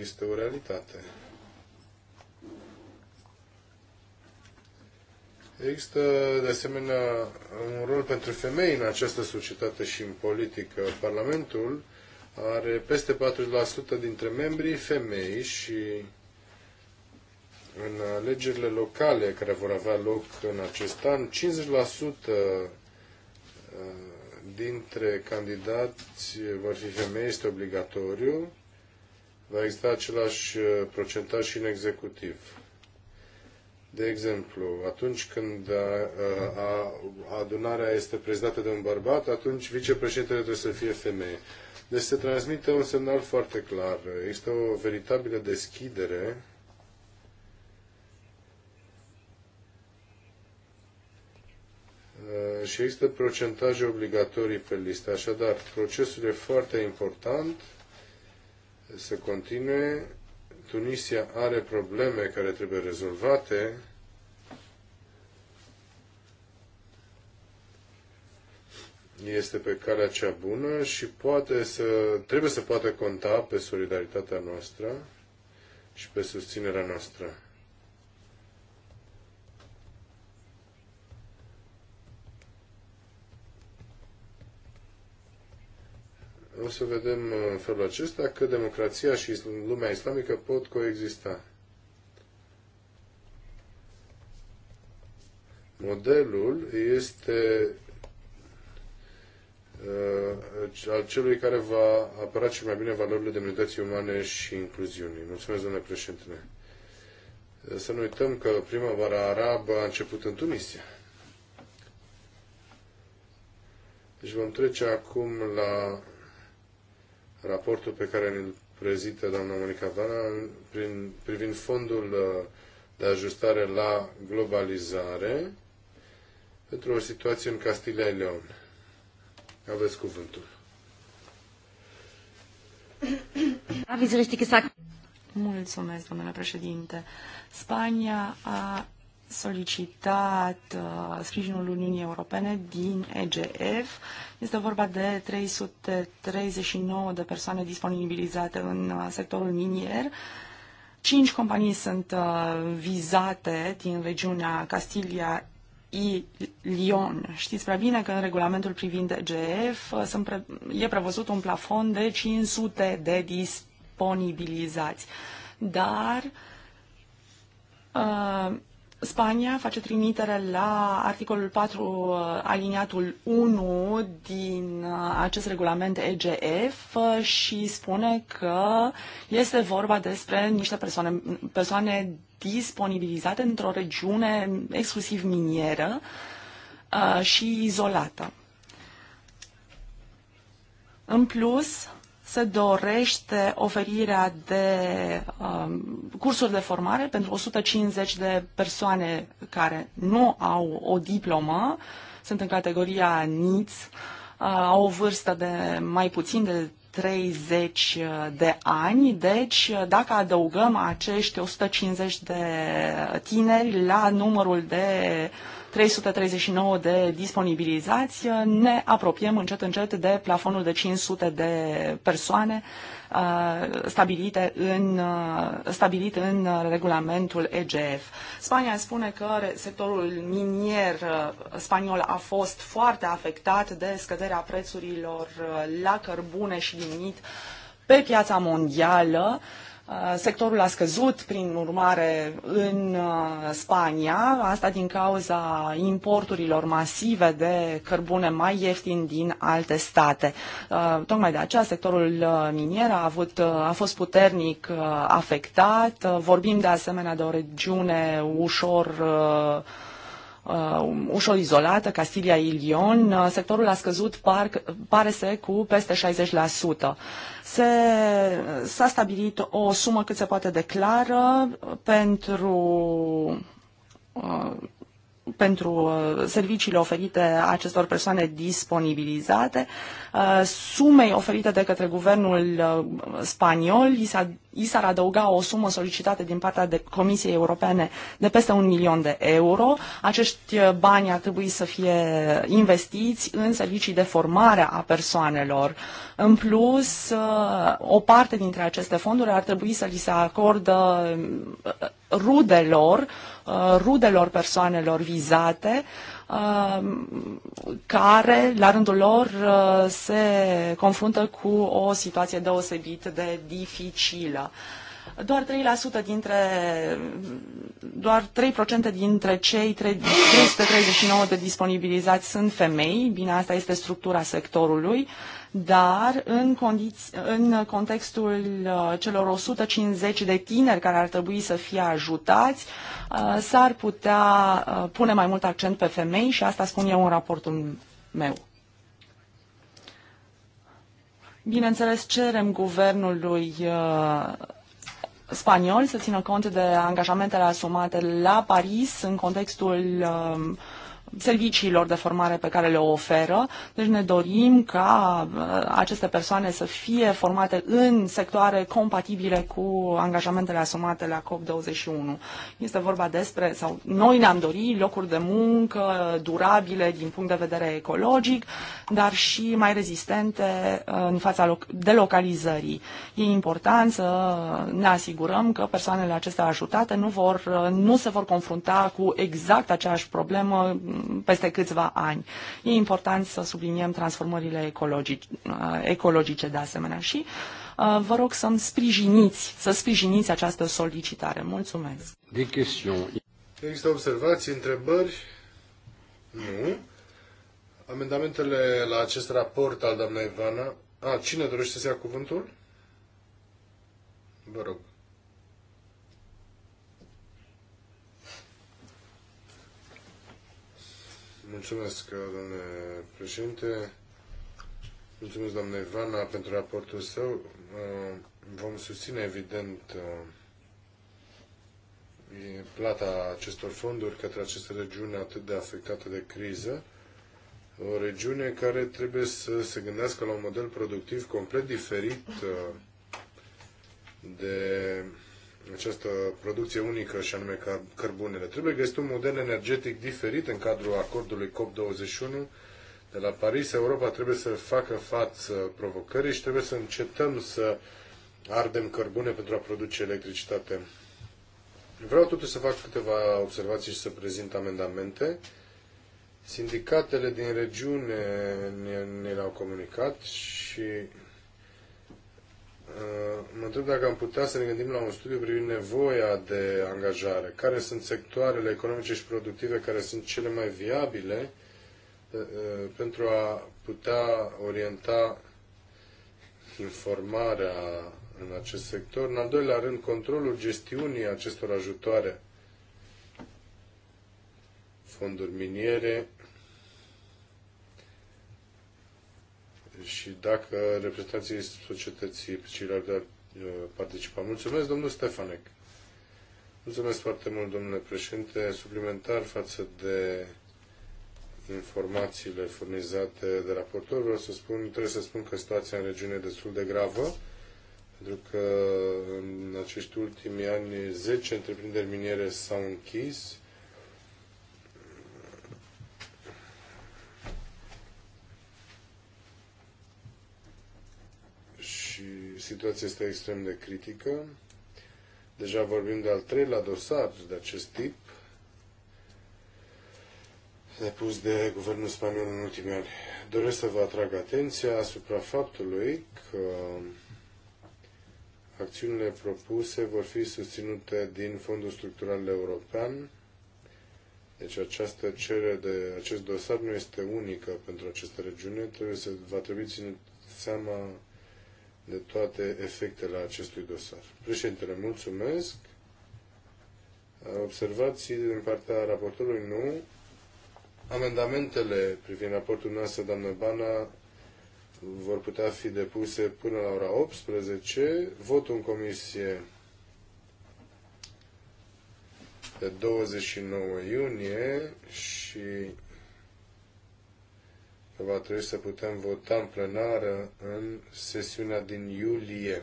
este o realitate. Există, de asemenea, un rol pentru femei în această societate și în politică. Parlamentul are peste 40% dintre membrii femei și în alegerile locale care vor avea loc în acest an, 50% uh, dintre candidați vor fi femei, este obligatoriu. Va exista același uh, procentaj și în executiv. De exemplu, atunci când uh, adunarea este prezidată de un bărbat, atunci vicepreședintele trebuie să fie femeie. Deci se transmite un semnal foarte clar. Este o veritabilă deschidere uh, și există procentaje obligatorii pe listă. Așadar, procesul e foarte important să continue Tunisia are probleme care trebuie rezolvate. Este pe calea cea bună și poate să, trebuie să poată conta pe solidaritatea noastră și pe susținerea noastră. o să vedem uh, în felul acesta că democrația și lumea islamică pot coexista. Modelul este uh, al celui care va apăra cel mai bine valorile demnității umane și incluziunii. Mulțumesc, domnule președinte. Uh, să nu uităm că primăvara arabă a început în Tunisia. Deci vom trece acum la raportul pe care îl prezintă doamna Monica Vana prin, privind fondul uh, de ajustare la globalizare pentru o situație în Castilea Leon. Aveți cuvântul. Aveți richtig gesagt. Mulțumesc, domnule președinte. Spania a solicitat uh, sprijinul Uniunii Europene din EGF. Este vorba de 339 de persoane disponibilizate în uh, sectorul minier. Cinci companii sunt uh, vizate din regiunea Castilia și Lyon. Știți prea bine că în regulamentul privind EGF e prevăzut un plafon de 500 de disponibilizați. Dar uh, Spania face trimitere la articolul 4 uh, aliniatul 1 din uh, acest regulament EGF uh, și spune că este vorba despre niște persoane, persoane disponibilizate într-o regiune exclusiv minieră și izolată. În plus, se dorește oferirea de um, cursuri de formare pentru 150 de persoane care nu au o diplomă, sunt în categoria NITS, uh, au o vârstă de mai puțin de 30 uh, de ani, deci uh, dacă adăugăm acești 150 de tineri la numărul de 339 de disponibilizați, ne apropiem încet încet de plafonul de 500 de persoane uh, stabilite în, uh, stabilit în uh, regulamentul EGF. Spania spune că sectorul minier spaniol a fost foarte afectat de scăderea prețurilor la cărbune și lignit pe piața mondială. Uh, Uh, sectorul a scăzut, prin urmare, în uh, Spania, asta din cauza importurilor masive de cărbune mai ieftin din alte state. Uh, tocmai de aceea, sectorul minier a, avut, a fost puternic afectat. Vorbim de asemenea de o regiune ușor uh, Uh, um, ușor izolată, Castilia Ilion, uh, sectorul a scăzut, par, pare să, cu peste 60%. Se, s-a stabilit o sumă cât se poate declară pentru uh, pentru uh, serviciile oferite acestor persoane disponibilizate, uh, sumei oferite de către guvernul uh, spaniol, i s-ar adăuga o sumă solicitată din partea de Comisiei Europene de peste un milion de euro. Acești bani ar trebui să fie investiți în servicii de formare a persoanelor. În plus, o parte dintre aceste fonduri ar trebui să li se acordă rudelor Uh, rudelor persoanelor vizate, uh, care, la rândul lor, uh, se confruntă cu o situație deosebit de dificilă doar 3% dintre doar 3% dintre cei 339 de disponibilizați sunt femei, bine asta este structura sectorului dar în, condiți- în contextul uh, celor 150 de tineri care ar trebui să fie ajutați, uh, s-ar putea uh, pune mai mult accent pe femei și asta spun eu în raportul meu. Bineînțeles, cerem guvernului spaniol să țină cont de angajamentele asumate la Paris în contextul um, serviciilor de formare pe care le oferă. Deci ne dorim ca uh, aceste persoane să fie formate în sectoare compatibile cu angajamentele asumate la COP21. Este vorba despre, sau noi ne-am dorit locuri de muncă durabile din punct de vedere ecologic, dar și mai rezistente uh, în fața delocalizării. E important să ne asigurăm că persoanele acestea ajutate nu, vor, uh, nu se vor confrunta cu exact aceeași problemă peste câțiva ani. E important să subliniem transformările ecologice, ecologice de asemenea și uh, vă rog să-mi sprijiniți, să sprijiniți această solicitare. Mulțumesc. De Există observații, întrebări? Nu. Amendamentele la acest raport al doamnei Ivana. A, cine dorește să ia cuvântul? Vă rog. Mulțumesc, domnule președinte. Mulțumesc, doamne Ivana, pentru raportul său. Uh, vom susține, evident, uh, plata acestor fonduri către aceste regiuni atât de afectate de criză, o regiune care trebuie să se gândească la un model productiv complet diferit uh, de această producție unică și anume cărbunele. Trebuie găsit un model energetic diferit în cadrul acordului COP21 de la Paris. Europa trebuie să facă față provocării și trebuie să încetăm să ardem cărbune pentru a produce electricitate. Vreau totuși să fac câteva observații și să prezint amendamente. Sindicatele din regiune ne, ne le-au comunicat și Uh, mă întreb dacă am putea să ne gândim la un studiu privind nevoia de angajare. Care sunt sectoarele economice și productive care sunt cele mai viabile uh, uh, pentru a putea orienta informarea în acest sector. În al doilea rând, controlul gestiunii acestor ajutoare fonduri miniere și dacă reprezentanții societății civilare ar uh, participa. Mulțumesc, domnul Stefanec. Mulțumesc foarte mult, domnule președinte. Suplimentar față de informațiile furnizate de raportor, vreau să spun, trebuie să spun că situația în regiune e destul de gravă, pentru că în acești ultimi ani 10 întreprinderi miniere s-au închis, și situația este extrem de critică. Deja vorbim de al treilea dosar de acest tip, depus de guvernul spaniol în ultimii ani. Doresc să vă atrag atenția asupra faptului că acțiunile propuse vor fi susținute din Fondul Structural European. Deci această cerere de acest dosar nu este unică pentru această regiune, trebuie să va trebui ținut seama de toate efectele acestui dosar. Președintele, mulțumesc. Observații din partea raportorului nu. Amendamentele privind raportul noastră, doamnă Bana, vor putea fi depuse până la ora 18. Votul în comisie pe 29 iunie și că va trebui să putem vota în plenară în sesiunea din iulie.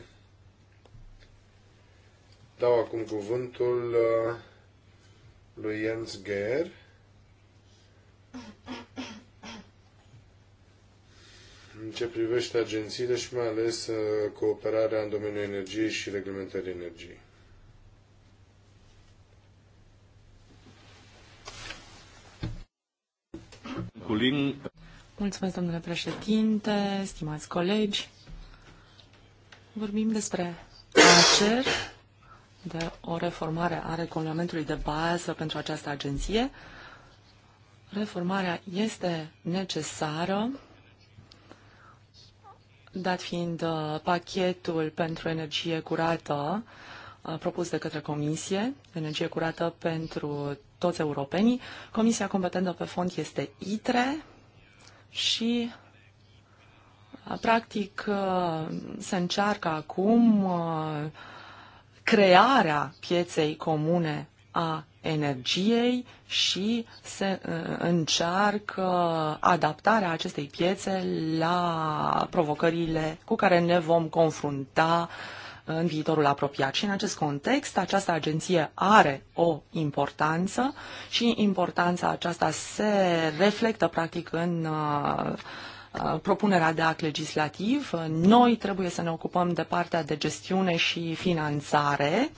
Dau acum cuvântul uh, lui Jens Geer, în ce privește agențiile și mai ales uh, cooperarea în domeniul energiei și reglementării energiei. Colin Mulțumesc, domnule președinte, stimați colegi. Vorbim despre ACER, de o reformare a regulamentului de bază pentru această agenție. Reformarea este necesară, dat fiind uh, pachetul pentru energie curată uh, propus de către Comisie, energie curată pentru toți europenii. Comisia competentă pe fond este ITRE, și uh, practic uh, se încearcă acum uh, crearea pieței comune a energiei și se încearcă adaptarea acestei piețe la provocările cu care ne vom confrunta uh, în viitorul apropiat. Și în acest context, această agenție are o importanță și importanța aceasta se reflectă practic în uh, uh, propunerea de act legislativ. Noi trebuie să ne ocupăm de partea de gestiune și finanțare,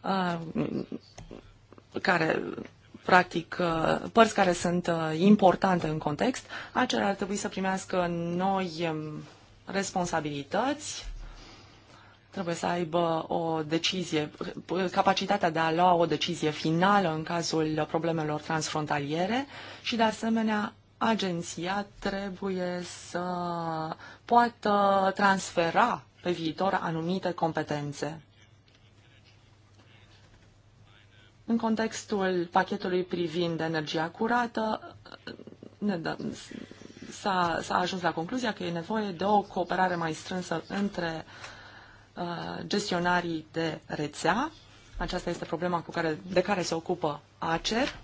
uh, care practic părți care sunt importante în context, acelea ar trebui să primească noi um, responsabilități trebuie să aibă o decizie, capacitatea de a lua o decizie finală în cazul problemelor transfrontaliere și, de asemenea, agenția trebuie să poată transfera pe viitor anumite competențe. În contextul pachetului privind energia curată, s-a, ajuns la concluzia că e nevoie de o cooperare mai strânsă între Uh, gestionarii de rețea. Aceasta este problema cu care, de care se ocupă ACER.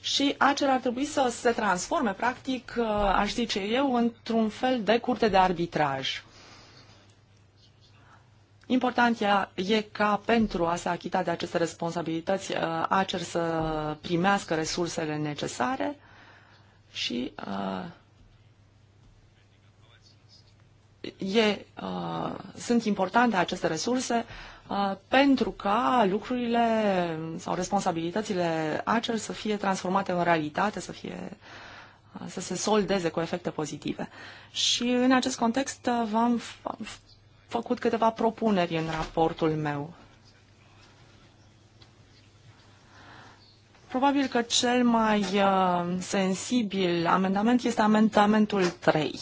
Și ACER ar trebui să se transforme, practic, uh, aș zice eu, într-un fel de curte de arbitraj. Important e ca pentru a se achita de aceste responsabilități, uh, ACER să primească resursele necesare și uh, e, uh, sunt importante aceste resurse uh, pentru ca lucrurile sau responsabilitățile acel să fie transformate în realitate, să fie uh, să se soldeze cu efecte pozitive. Și în acest context uh, v-am făcut câteva propuneri în raportul meu. Probabil că cel mai uh, sensibil amendament este amendamentul 3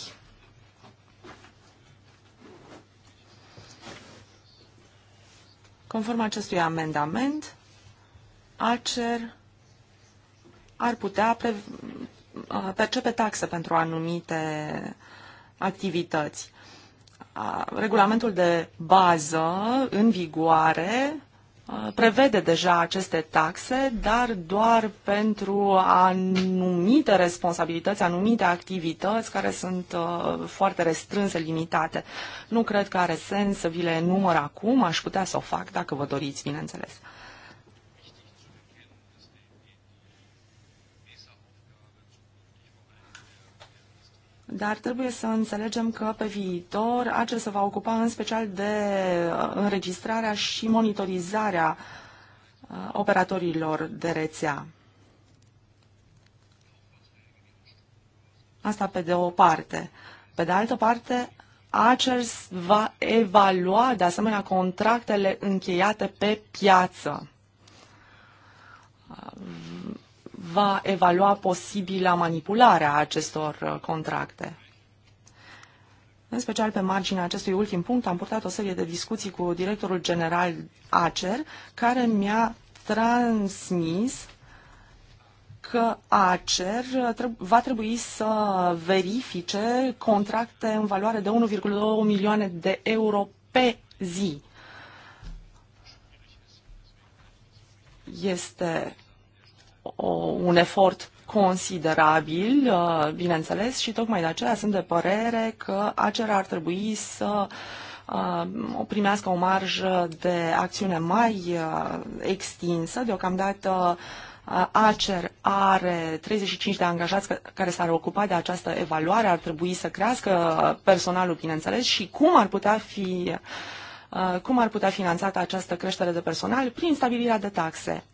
Conform acestui amendament, ACER ar putea pre, uh, percepe taxe pentru anumite activități. Uh, regulamentul de bază în vigoare Uh, prevede deja aceste taxe, dar doar pentru anumite responsabilități, anumite activități care sunt uh, foarte restrânse, limitate. Nu cred că are sens să vi le enumăr acum, aș putea să o fac dacă vă doriți, bineînțeles. Dar trebuie să înțelegem că pe viitor ACER se va ocupa în special de uh, înregistrarea și monitorizarea uh, operatorilor de rețea. Asta pe de o parte. Pe de altă parte, Acer va evalua de asemenea contractele încheiate pe piață. Uh, va evalua posibila manipulare a acestor uh, contracte. În special pe marginea acestui ultim punct am purtat o serie de discuții cu directorul general Acer, care mi-a transmis că Acer uh, va trebui să verifice contracte în valoare de 1,2 milioane de euro pe zi. Este o, un efort considerabil, uh, bineînțeles, și tocmai de aceea sunt de părere că acela ar trebui să uh, o primească o marjă de acțiune mai uh, extinsă. Deocamdată Acer are 35 de angajați care s-ar ocupa de această evaluare, ar trebui să crească personalul, bineînțeles, și cum ar putea fi cum ar putea finanțată această creștere de personal prin stabilirea de taxe.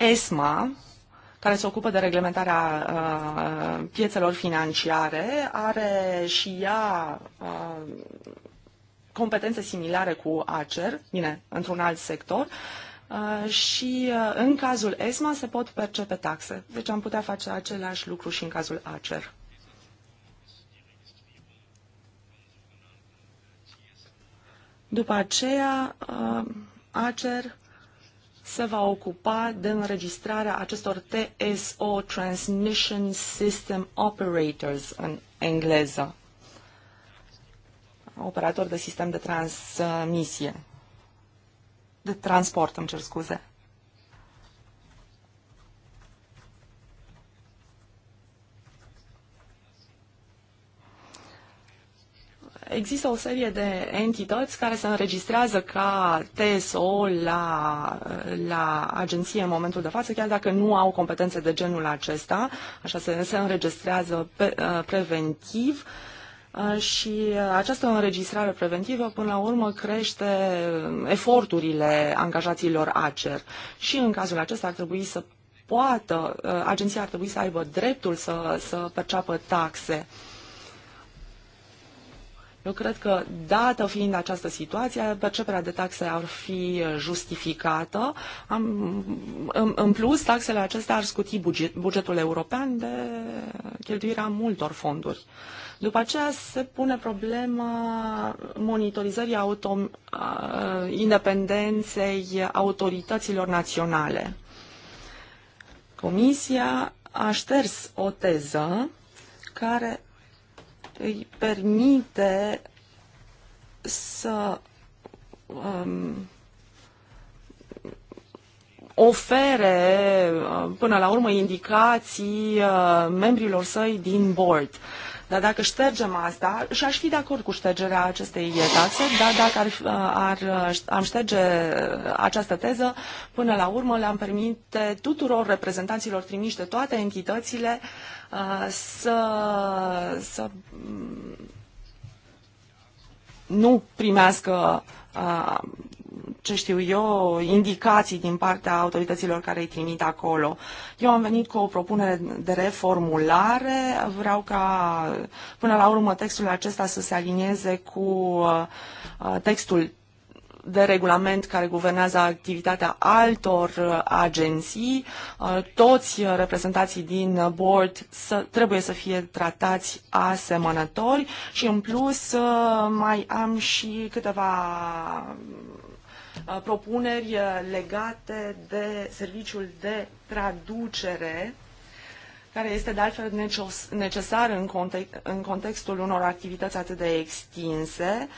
ESMA, care se ocupă de reglementarea uh, piețelor financiare, are și ea uh, competențe similare cu ACER, bine, într-un alt sector, uh, și uh, în cazul ESMA se pot percepe taxe. Deci am putea face același lucru și în cazul ACER. După aceea, uh, ACER se va ocupa de înregistrarea acestor TSO, Transmission System Operators, în engleză, operator de sistem de transmisie, de transport, îmi cer scuze. există o serie de entități care se înregistrează ca TSO la, la agenție în momentul de față, chiar dacă nu au competențe de genul acesta, așa se, se înregistrează pe, uh, preventiv uh, și această înregistrare preventivă până la urmă crește eforturile angajaților ACER și în cazul acesta ar trebui să poată, uh, agenția ar trebui să aibă dreptul să, să perceapă taxe. Uh, eu cred că, dată fiind această situație, perceperea de taxe ar fi justificată. Am, în, în plus, taxele acestea ar scuti buget, bugetul european de cheltuirea multor fonduri. După aceea se pune problema monitorizării auto, uh, independenței autorităților naționale. Comisia a șters o teză care îi permite să um, ofere uh, până la urmă indicații uh, membrilor săi din board. Dar dacă ștergem asta, și aș fi de acord cu ștergerea acestei taxe, dar dacă ar, uh, ar, uh, am șterge această teză, până la urmă le-am permite tuturor reprezentanților trimiși de toate entitățile uh, Uh, să, să mm, nu primească uh, ce știu eu, indicații din partea autorităților care îi trimit acolo. Eu am venit cu o propunere de reformulare. Vreau ca, până la urmă, textul acesta să se alinieze cu uh, textul de regulament care guvernează activitatea altor uh, agenții, uh, toți uh, reprezentații din board să, trebuie să fie tratați asemănători și în plus mai am și câteva propuneri legate de serviciul de traducere care este de altfel necesar în, context, în contextul unor activități atât de extinse.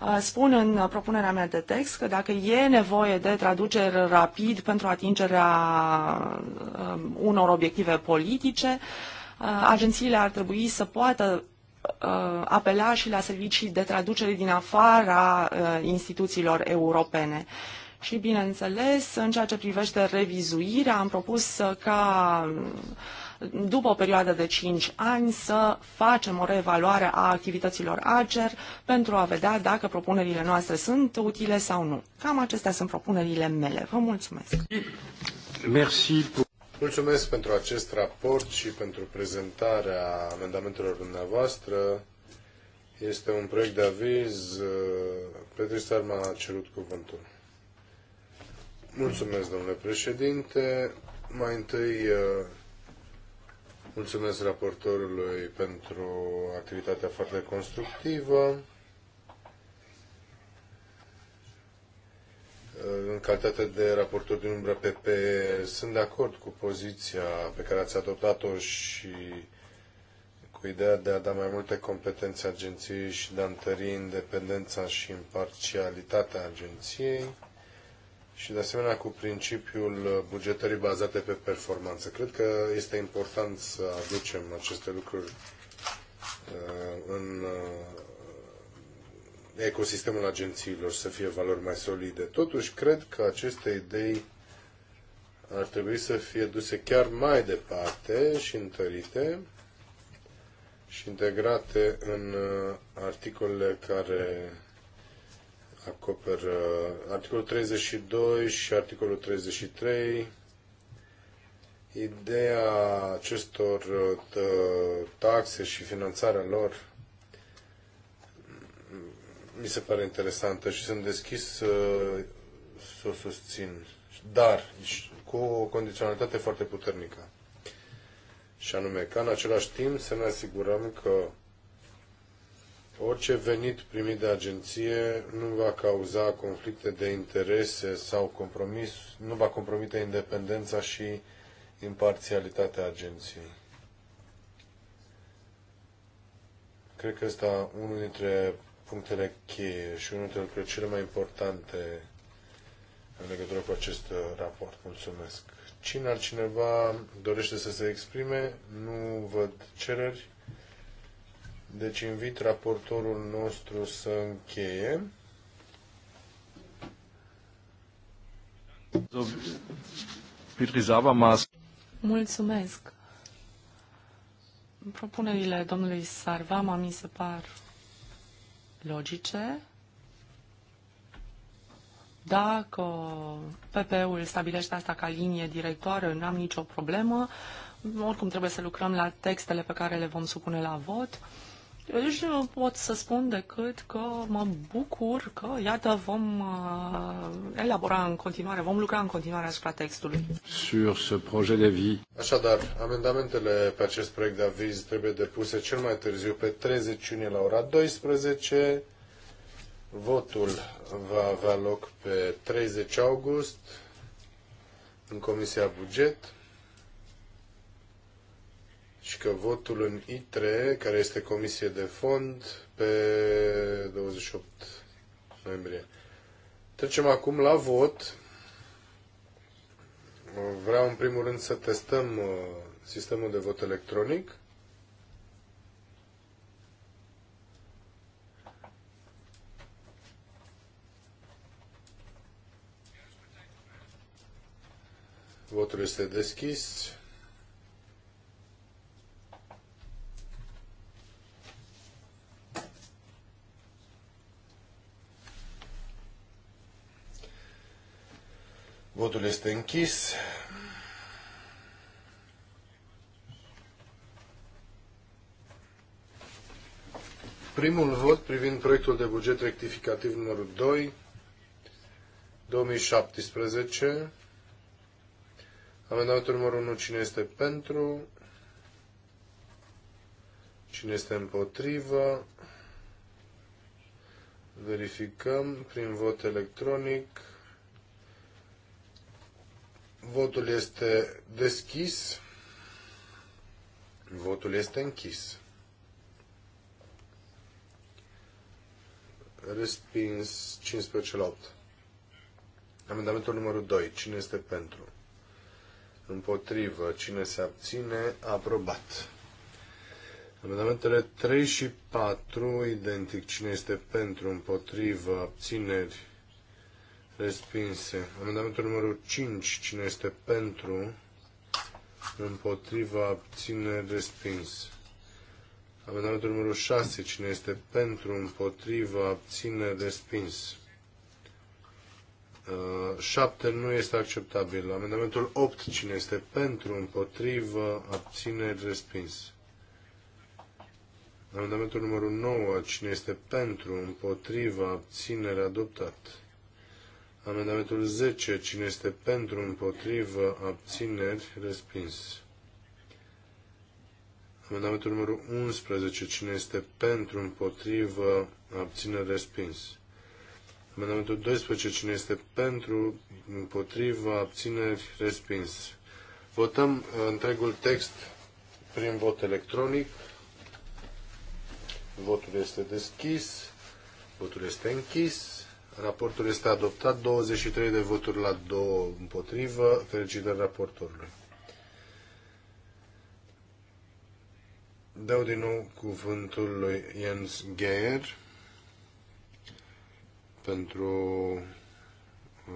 Uh, spun în propunerea mea de text că dacă e nevoie de traduceri rapid pentru atingerea uh, unor obiective politice, uh, agențiile ar trebui să poată apela și la servicii de traducere din afara instituțiilor europene. Și, bineînțeles, în ceea ce privește revizuirea, am propus ca uh, după o perioadă de 5 ani, să facem o reevaluare a activităților AGER pentru a vedea dacă propunerile noastre sunt utile sau nu. Cam acestea sunt propunerile mele. Vă mulțumesc! Merci. Mulțumesc pentru acest raport și pentru prezentarea amendamentelor dumneavoastră. Este un proiect de aviz. Uh, Petri Sarma a cerut cuvântul. Mulțumesc, domnule președinte. Mai întâi uh, Mulțumesc raportorului pentru activitatea foarte constructivă. În calitate de raportor din umbră PP, sunt de acord cu poziția pe care ați adoptat-o și cu ideea de a da mai multe competențe agenției și de a întări independența și imparțialitatea agenției și de asemenea cu principiul bugetării bazate pe performanță. Cred că este important să aducem aceste lucruri uh, în uh, ecosistemul agențiilor să fie valori mai solide. Totuși, cred că aceste idei ar trebui să fie duse chiar mai departe și întărite și integrate în uh, articolele care acoperă articolul 32 și articolul 33. Ideea acestor ă, taxe și finanțarea lor mi se pare interesantă și sunt deschis să, să o susțin, dar cu o condiționalitate foarte puternică. Și anume, ca în același timp să ne asigurăm că Orice venit primit de agenție nu va cauza conflicte de interese sau compromis, nu va compromite independența și imparțialitatea agenției. Cred că ăsta unul dintre punctele cheie și unul dintre lucrurile cele mai importante în legătură cu acest raport. Mulțumesc. Cine altcineva dorește să se exprime? Nu văd cereri. Deci invit raportorul nostru să încheie. Mulțumesc. Propunerile domnului Sarvama mi se par logice. Dacă PP-ul stabilește asta ca linie directoare, n-am nicio problemă. Oricum trebuie să lucrăm la textele pe care le vom supune la vot. Deci nu pot să spun decât că mă bucur că, iată, vom uh, elabora în continuare, vom lucra în continuare asupra textului. Sur ce proiect de vie. Așadar, amendamentele pe acest proiect de aviz trebuie depuse cel mai târziu pe 30 iunie la ora 12. Votul va avea loc pe 30 august în Comisia Buget și că votul în ITRE, care este comisie de fond, pe 28 noiembrie. Trecem acum la vot. Vreau în primul rând să testăm uh, sistemul de vot electronic. Votul este deschis. Votul este închis. Primul vot privind proiectul de buget rectificativ numărul 2, 2017. Amendamentul numărul 1, cine este pentru? Cine este împotrivă? Verificăm prin vot electronic. Votul este deschis. Votul este închis. Respins 15 la 8. Amendamentul numărul 2. Cine este pentru? Împotrivă. Cine se abține? Aprobat. Amendamentele 3 și 4, identic. Cine este pentru? Împotrivă. Abțineri respinse. Amendamentul numărul 5, cine este pentru, împotriva, abține respins. Amendamentul numărul 6, cine este pentru, împotriva, abține respins. 7 uh, nu este acceptabil. Amendamentul 8, cine este pentru, împotriva abține respins. Amendamentul numărul 9, cine este pentru, împotriva abținere, adoptat. Amendamentul 10. Cine este pentru, împotrivă, abțineri, respins. Amendamentul numărul 11. Cine este pentru, împotrivă, abțineri, respins. Amendamentul 12. Cine este pentru, împotrivă, abțineri, respins. Votăm uh, întregul text prin vot electronic. Votul este deschis. Votul este închis. Raportul este adoptat, 23 de voturi la 2 împotrivă, felicitări raportorului. Dau din nou cuvântul lui Jens Geier pentru uh,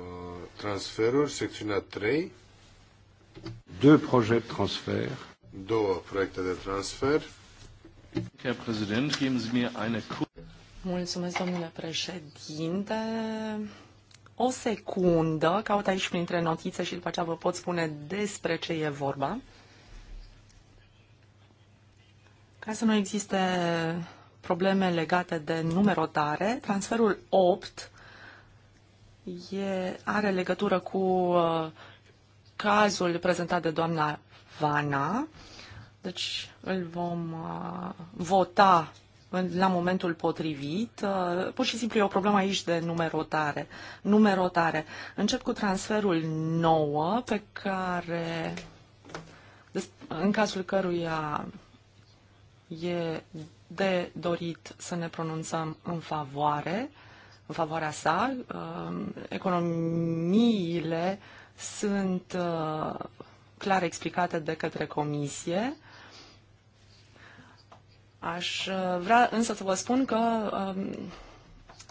transferuri, secțiunea 3. Deux projets de transfer. Două proiecte de transfer. Herr Präsident, geben Sie mir eine Mulțumesc, domnule președinte. O secundă, caut aici printre notițe și după aceea vă pot spune despre ce e vorba. Ca să nu existe probleme legate de numerotare, transferul 8 e, are legătură cu uh, cazul prezentat de doamna Vana. Deci îl vom uh, vota la momentul potrivit. Uh, pur și simplu e o problemă aici de numerotare. numerotare. Încep cu transferul 9, pe care, în cazul căruia e de dorit să ne pronunțăm în favoare, în favoarea sa, uh, economiile sunt uh, clar explicate de către comisie Aș uh, vrea însă să vă spun că um,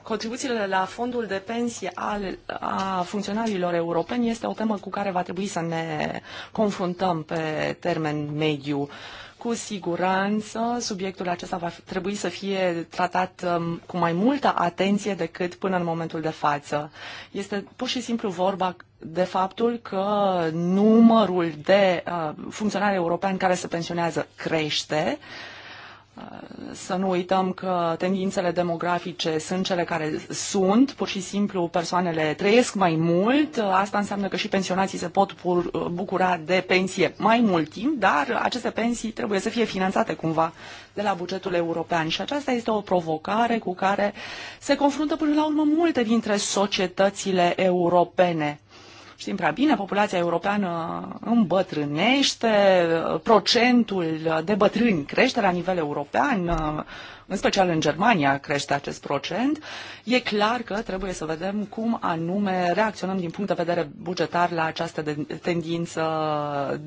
contribuțiile la fondul de pensie al, a funcționarilor europeni este o temă cu care va trebui să ne confruntăm pe termen mediu. Cu siguranță, subiectul acesta va trebui să fie tratat um, cu mai multă atenție decât până în momentul de față. Este pur și simplu vorba de faptul că numărul de uh, funcționari europeni care se pensionează crește, uh, să nu uităm că tendințele demografice sunt cele care sunt, pur și simplu persoanele trăiesc mai mult, asta înseamnă că și pensionații se pot bucura de pensie mai mult timp, dar aceste pensii trebuie să fie finanțate cumva de la bugetul european și aceasta este o provocare cu care se confruntă până la urmă multe dintre societățile europene. Știm prea bine, populația europeană îmbătrânește, procentul de bătrâni crește la nivel european, în special în Germania crește acest procent. E clar că trebuie să vedem cum anume reacționăm din punct de vedere bugetar la această de- tendință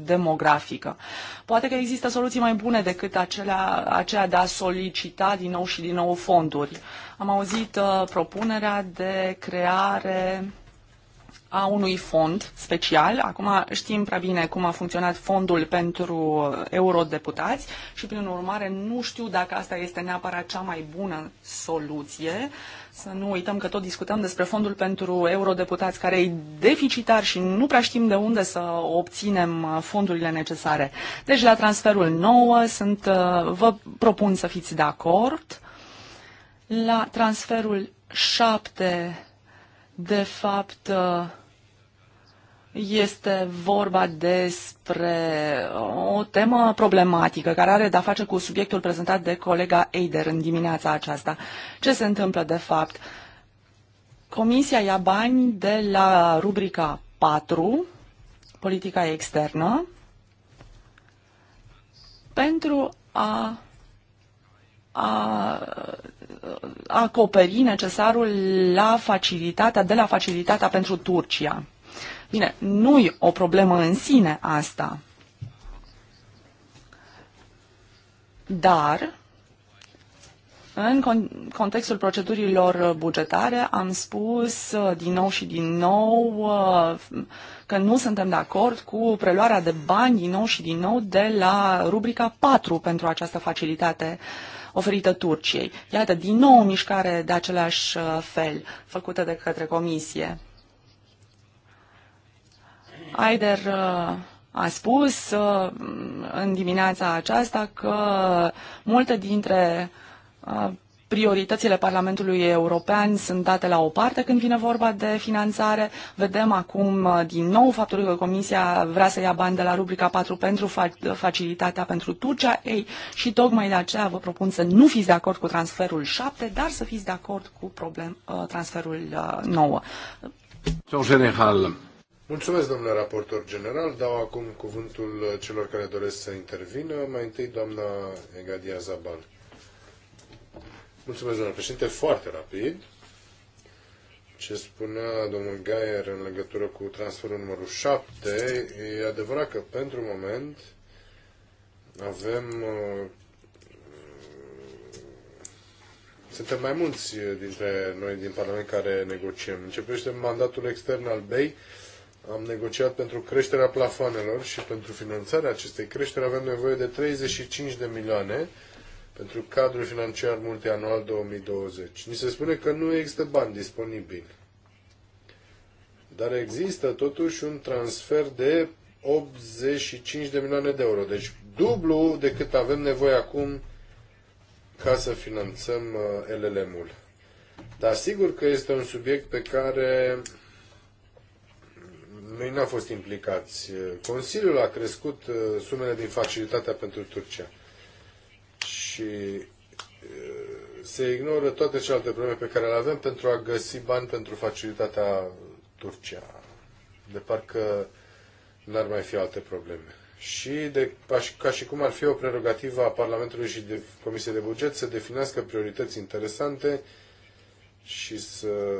demografică. Poate că există soluții mai bune decât acelea, aceea de a solicita din nou și din nou fonduri. Am auzit uh, propunerea de creare a unui fond special. Acum știm prea bine cum a funcționat fondul pentru eurodeputați și, prin urmare, nu știu dacă asta este neapărat cea mai bună soluție. Să nu uităm că tot discutăm despre fondul pentru eurodeputați, care e deficitar și nu prea știm de unde să obținem fondurile necesare. Deci, la transferul nou, sunt, vă propun să fiți de acord. La transferul 7 de fapt, uh, este vorba despre o temă problematică care are de-a face cu subiectul prezentat de colega Eider în dimineața aceasta. Ce se întâmplă de fapt? Comisia ia bani de la rubrica 4, politica externă, pentru a, a acoperi necesarul la facilitatea, de la facilitatea pentru Turcia. Bine, nu-i o problemă în sine asta, dar în contextul procedurilor bugetare am spus uh, din nou și din nou uh, că nu suntem de acord cu preluarea de bani din nou și din nou de la rubrica 4 pentru această facilitate uh, oferită Turciei. Iată, din nou o mișcare de același uh, fel, făcută de către Comisie. Aider uh, a spus uh, în dimineața aceasta că multe dintre prioritățile Parlamentului European sunt date la o parte când vine vorba de finanțare. Vedem acum uh, din nou faptul că Comisia vrea să ia bani de la rubrica 4 pentru facilitatea pentru Turcia. Ei, și tocmai de aceea vă propun să nu fiți de acord cu transferul 7, dar să fiți de acord cu problem, uh, transferul 9. Uh, general. Mulțumesc, domnule raportor general. Dau acum cuvântul celor care doresc să intervină. Mai întâi, doamna Egadia Zabal. Mulțumesc, doamnă președinte. Foarte rapid. Ce spunea domnul Gaier în legătură cu transferul numărul 7, e adevărat că pentru moment avem uh, suntem mai mulți dintre noi din Parlament care negociem. Începește mandatul extern al BEI. Am negociat pentru creșterea plafoanelor și pentru finanțarea acestei creșteri avem nevoie de 35 de milioane pentru cadrul financiar multianual 2020. Ni se spune că nu există bani disponibili. Dar există totuși un transfer de 85 de milioane de euro. Deci dublu decât avem nevoie acum ca să finanțăm uh, LLM-ul. Dar sigur că este un subiect pe care noi n-am fost implicați. Consiliul a crescut uh, sumele din facilitatea pentru Turcia și uh, se ignoră toate celelalte probleme pe care le avem pentru a găsi bani pentru facilitatea Turcia. De parcă n-ar mai fi alte probleme. Și de, ca și cum ar fi o prerogativă a Parlamentului și de Comisiei de Buget să definească priorități interesante și să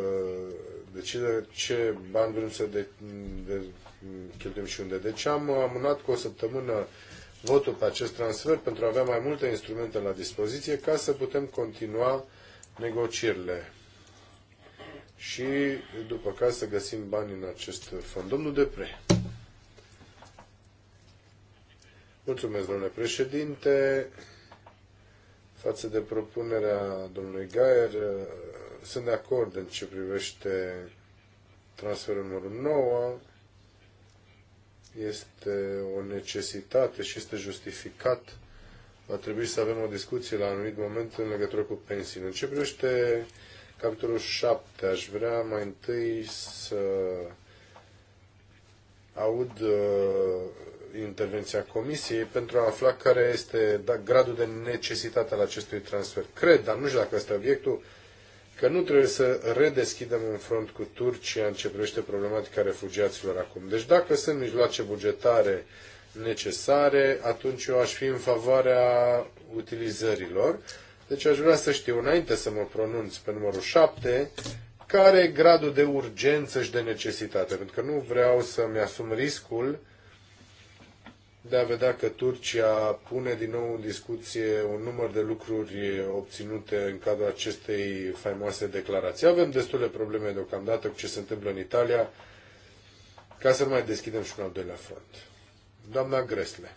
decide ce bani vrem să de, de, cheltuim și unde. Deci am amânat cu o săptămână votul pe acest transfer pentru a avea mai multe instrumente la dispoziție ca să putem continua negocierile și după care să găsim bani în acest fond. Domnul Depre. Mulțumesc, domnule președinte. Față de propunerea domnului Gaier, sunt de acord în ce privește transferul numărul 9 este o necesitate și este justificat. Va trebui să avem o discuție la anumit moment în legătură cu pensiile. În ce privește capitolul 7, aș vrea mai întâi să aud uh, intervenția Comisiei pentru a afla care este da, gradul de necesitate al acestui transfer. Cred, dar nu știu dacă este obiectul, că nu trebuie să redeschidem un front cu Turcia în ce privește problematica refugiaților acum. Deci dacă sunt mijloace bugetare necesare, atunci eu aș fi în favoarea utilizărilor. Deci aș vrea să știu, înainte să mă pronunț pe numărul 7, care e gradul de urgență și de necesitate, pentru că nu vreau să-mi asum riscul de a vedea că Turcia pune din nou în discuție un număr de lucruri obținute în cadrul acestei faimoase declarații. Avem destule probleme deocamdată cu ce se întâmplă în Italia, ca să mai deschidem și un al doilea front. Doamna Gresle.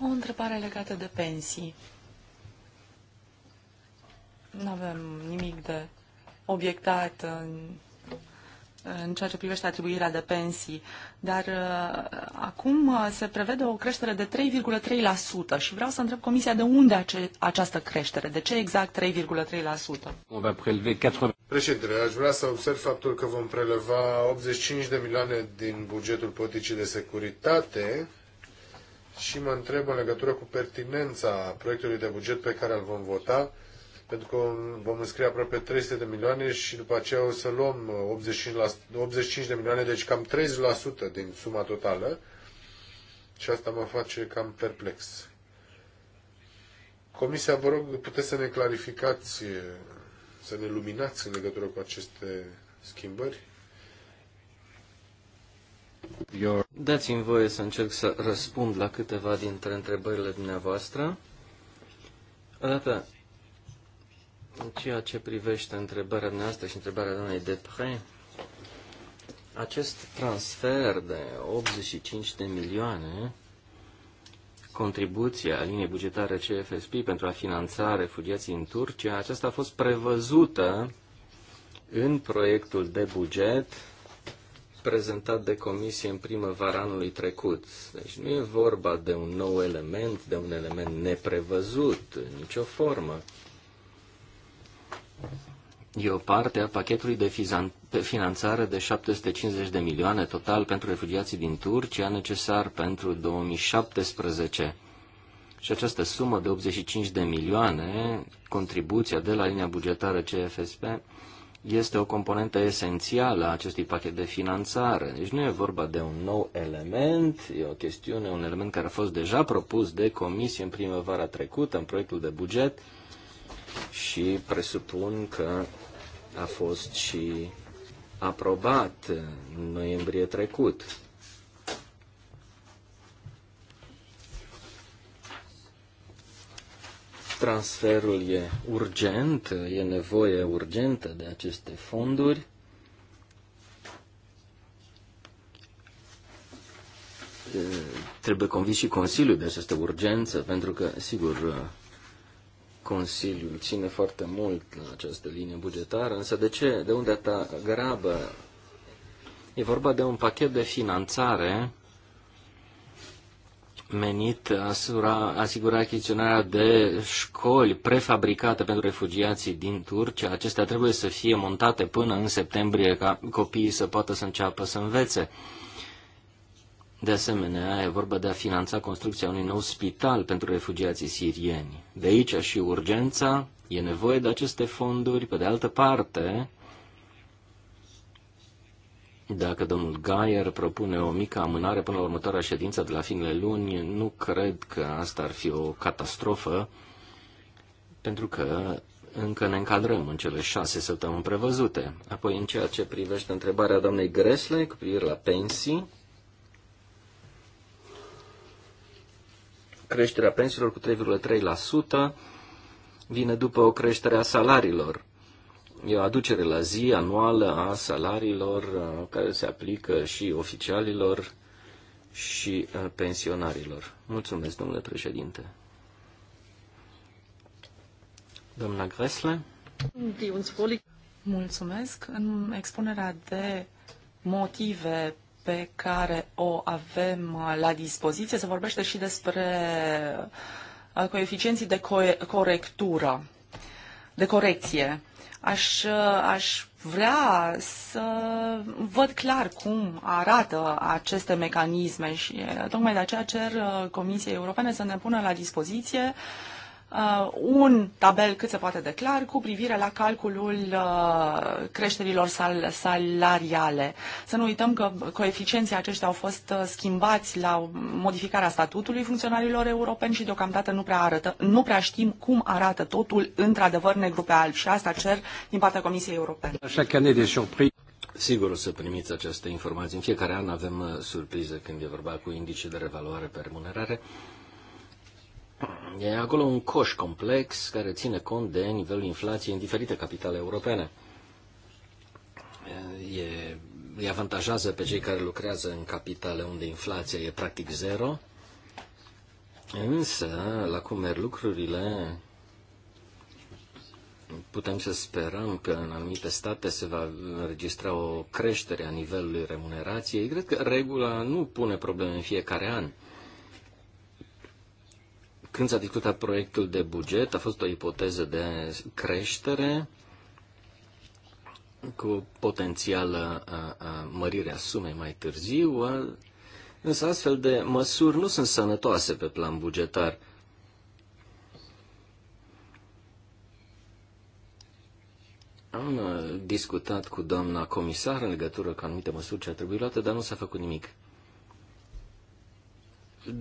O întrebare legată de pensii. Nu avem nimic de obiectat în în ceea ce privește atribuirea de pensii, dar uh, acum uh, se prevede o creștere de 3,3% și vreau să întreb Comisia de unde ace- această creștere, de ce exact 3,3%? Președinte, aș vrea să observ faptul că vom preleva 85 de milioane din bugetul politicii de securitate și mă întreb în legătură cu pertinența proiectului de buget pe care îl vom vota pentru că vom înscrie aproape 300 de milioane și după aceea o să luăm 85 de milioane, deci cam 30% din suma totală și asta mă face cam perplex. Comisia, vă rog, puteți să ne clarificați, să ne luminați în legătură cu aceste schimbări? Dați-mi voie să încerc să răspund la câteva dintre întrebările dumneavoastră. În ceea ce privește întrebarea noastră și întrebarea doamnei Depre, acest transfer de 85 de milioane, contribuția a liniei bugetare CFSP pentru a finanța refugiații în Turcia, aceasta a fost prevăzută în proiectul de buget prezentat de comisie în primăvara anului trecut. Deci nu e vorba de un nou element, de un element neprevăzut, în nicio formă. E o parte a pachetului de finanțare de 750 de milioane total pentru refugiații din Turcia necesar pentru 2017. Și această sumă de 85 de milioane, contribuția de la linia bugetară CFSP, este o componentă esențială a acestui pachet de finanțare. Deci nu e vorba de un nou element, e o chestiune, un element care a fost deja propus de comisie în primăvara trecută, în proiectul de buget, și presupun că a fost și aprobat în noiembrie trecut. Transferul e urgent, e nevoie urgentă de aceste fonduri. Trebuie convins și Consiliul de această urgență, pentru că, sigur, Consiliul ține foarte mult la această linie bugetară, însă de ce? De unde ta grabă? E vorba de un pachet de finanțare menit asura, asigura achiziționarea de școli prefabricate pentru refugiații din Turcia. Acestea trebuie să fie montate până în septembrie ca copiii să poată să înceapă să învețe. Uh, de asemenea, e vorba de a finanța construcția unui nou spital pentru refugiații sirieni. De aici și urgența, e nevoie de aceste fonduri. Pe de altă parte, dacă domnul Gaier propune o mică amânare până la următoarea ședință de la finele luni, nu cred că asta ar fi o catastrofă, pentru că încă ne încadrăm în cele șase săptămâni prevăzute. Apoi, în ceea ce privește întrebarea doamnei Gresle cu privire la pensii, Creșterea pensiilor cu 3,3% vine după o creștere a salariilor. E o aducere la zi anuală a salariilor uh, care se aplică și oficialilor și uh, pensionarilor. Mulțumesc, domnule președinte. Doamna Gresle. Mulțumesc. În expunerea de motive pe care o avem uh, la dispoziție. Se vorbește și despre uh, coeficienții de co- corectură, de corecție. Aș, uh, aș vrea să văd clar cum arată aceste mecanisme și tocmai de aceea cer Comisiei Europene să ne pună la dispoziție uh, uh, un tabel cât se poate de clar cu privire la calculul uh, creșterilor sal- salariale. Să nu uităm că coeficienții aceștia au fost uh, schimbați la modificarea statutului funcționarilor europeni și deocamdată nu prea, arătă, nu prea știm cum arată totul într-adevăr negru pe alb și asta cer din partea Comisiei Europene. Sigur o să primiți această informație. În fiecare an avem uh, surprize când e vorba cu indicii de revaluare pe remunerare. E acolo un coș complex care ține cont de nivelul inflației în diferite capitale europene. E, îi avantajează pe cei care lucrează în capitale unde inflația e practic zero, însă, la cum merg lucrurile, putem să sperăm că în anumite state se va înregistra o creștere a nivelului remunerației. Cred că regula nu pune probleme în fiecare an. Când s-a discutat proiectul de buget, a fost o ipoteză de creștere cu potențială mărire a sumei mai târziu, însă astfel de măsuri nu sunt sănătoase pe plan bugetar. Am discutat cu doamna comisar în legătură cu anumite măsuri ce ar trebui luate, dar nu s-a făcut nimic.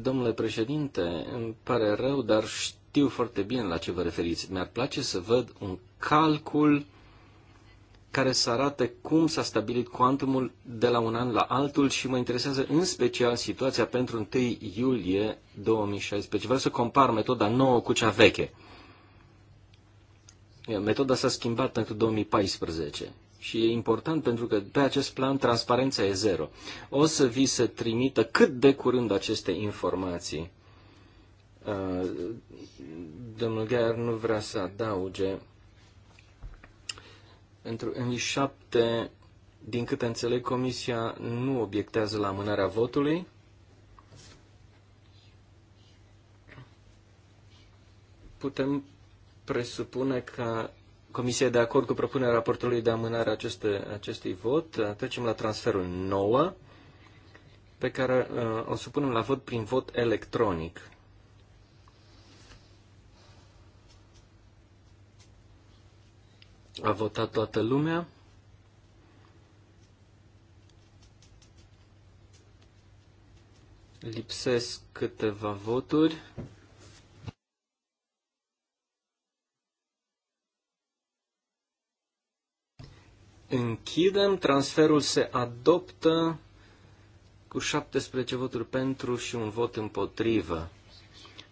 Domnule președinte, îmi pare rău, dar știu foarte bine la ce vă referiți. Mi-ar place să văd un calcul care să arate cum s-a stabilit cuantumul de la un an la altul și mă interesează în special situația pentru 1 iulie 2016. Vreau să compar metoda nouă cu cea veche. Metoda s-a schimbat pentru 2014. Și e important pentru că pe acest plan transparența e zero. O să vi se trimită cât de curând aceste informații. Uh, domnul Ghear nu vrea să adauge. Pentru în 7 din câte înțeleg, Comisia nu obiectează la amânarea votului. Putem presupune că Comisia e de acord cu propunerea raportului de amânare aceste, acestui vot. Trecem la transferul 9, pe care uh, o supunem la vot prin vot electronic. A votat toată lumea. Lipsesc câteva voturi. Închidem, transferul se adoptă cu 17 voturi pentru și un vot împotrivă.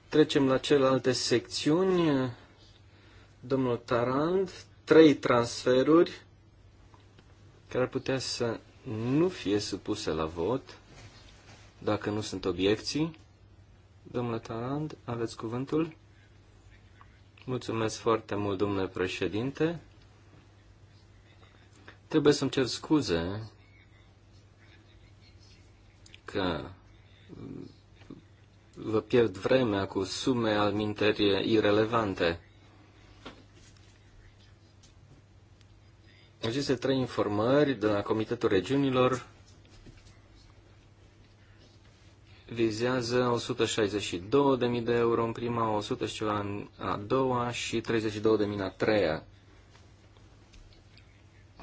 Trecem la celelalte secțiuni. Domnul Tarand, trei transferuri care ar putea să nu fie supuse la vot dacă nu sunt obiecții. Domnule Tarand, aveți cuvântul? Mulțumesc foarte mult, domnule președinte. Trebuie să-mi cer scuze că vă pierd vremea cu sume al minterie irelevante. Aceste trei informări de la Comitetul Regiunilor vizează 162.000 de euro în prima, 100 și ceva în a doua și 32.000 în a treia.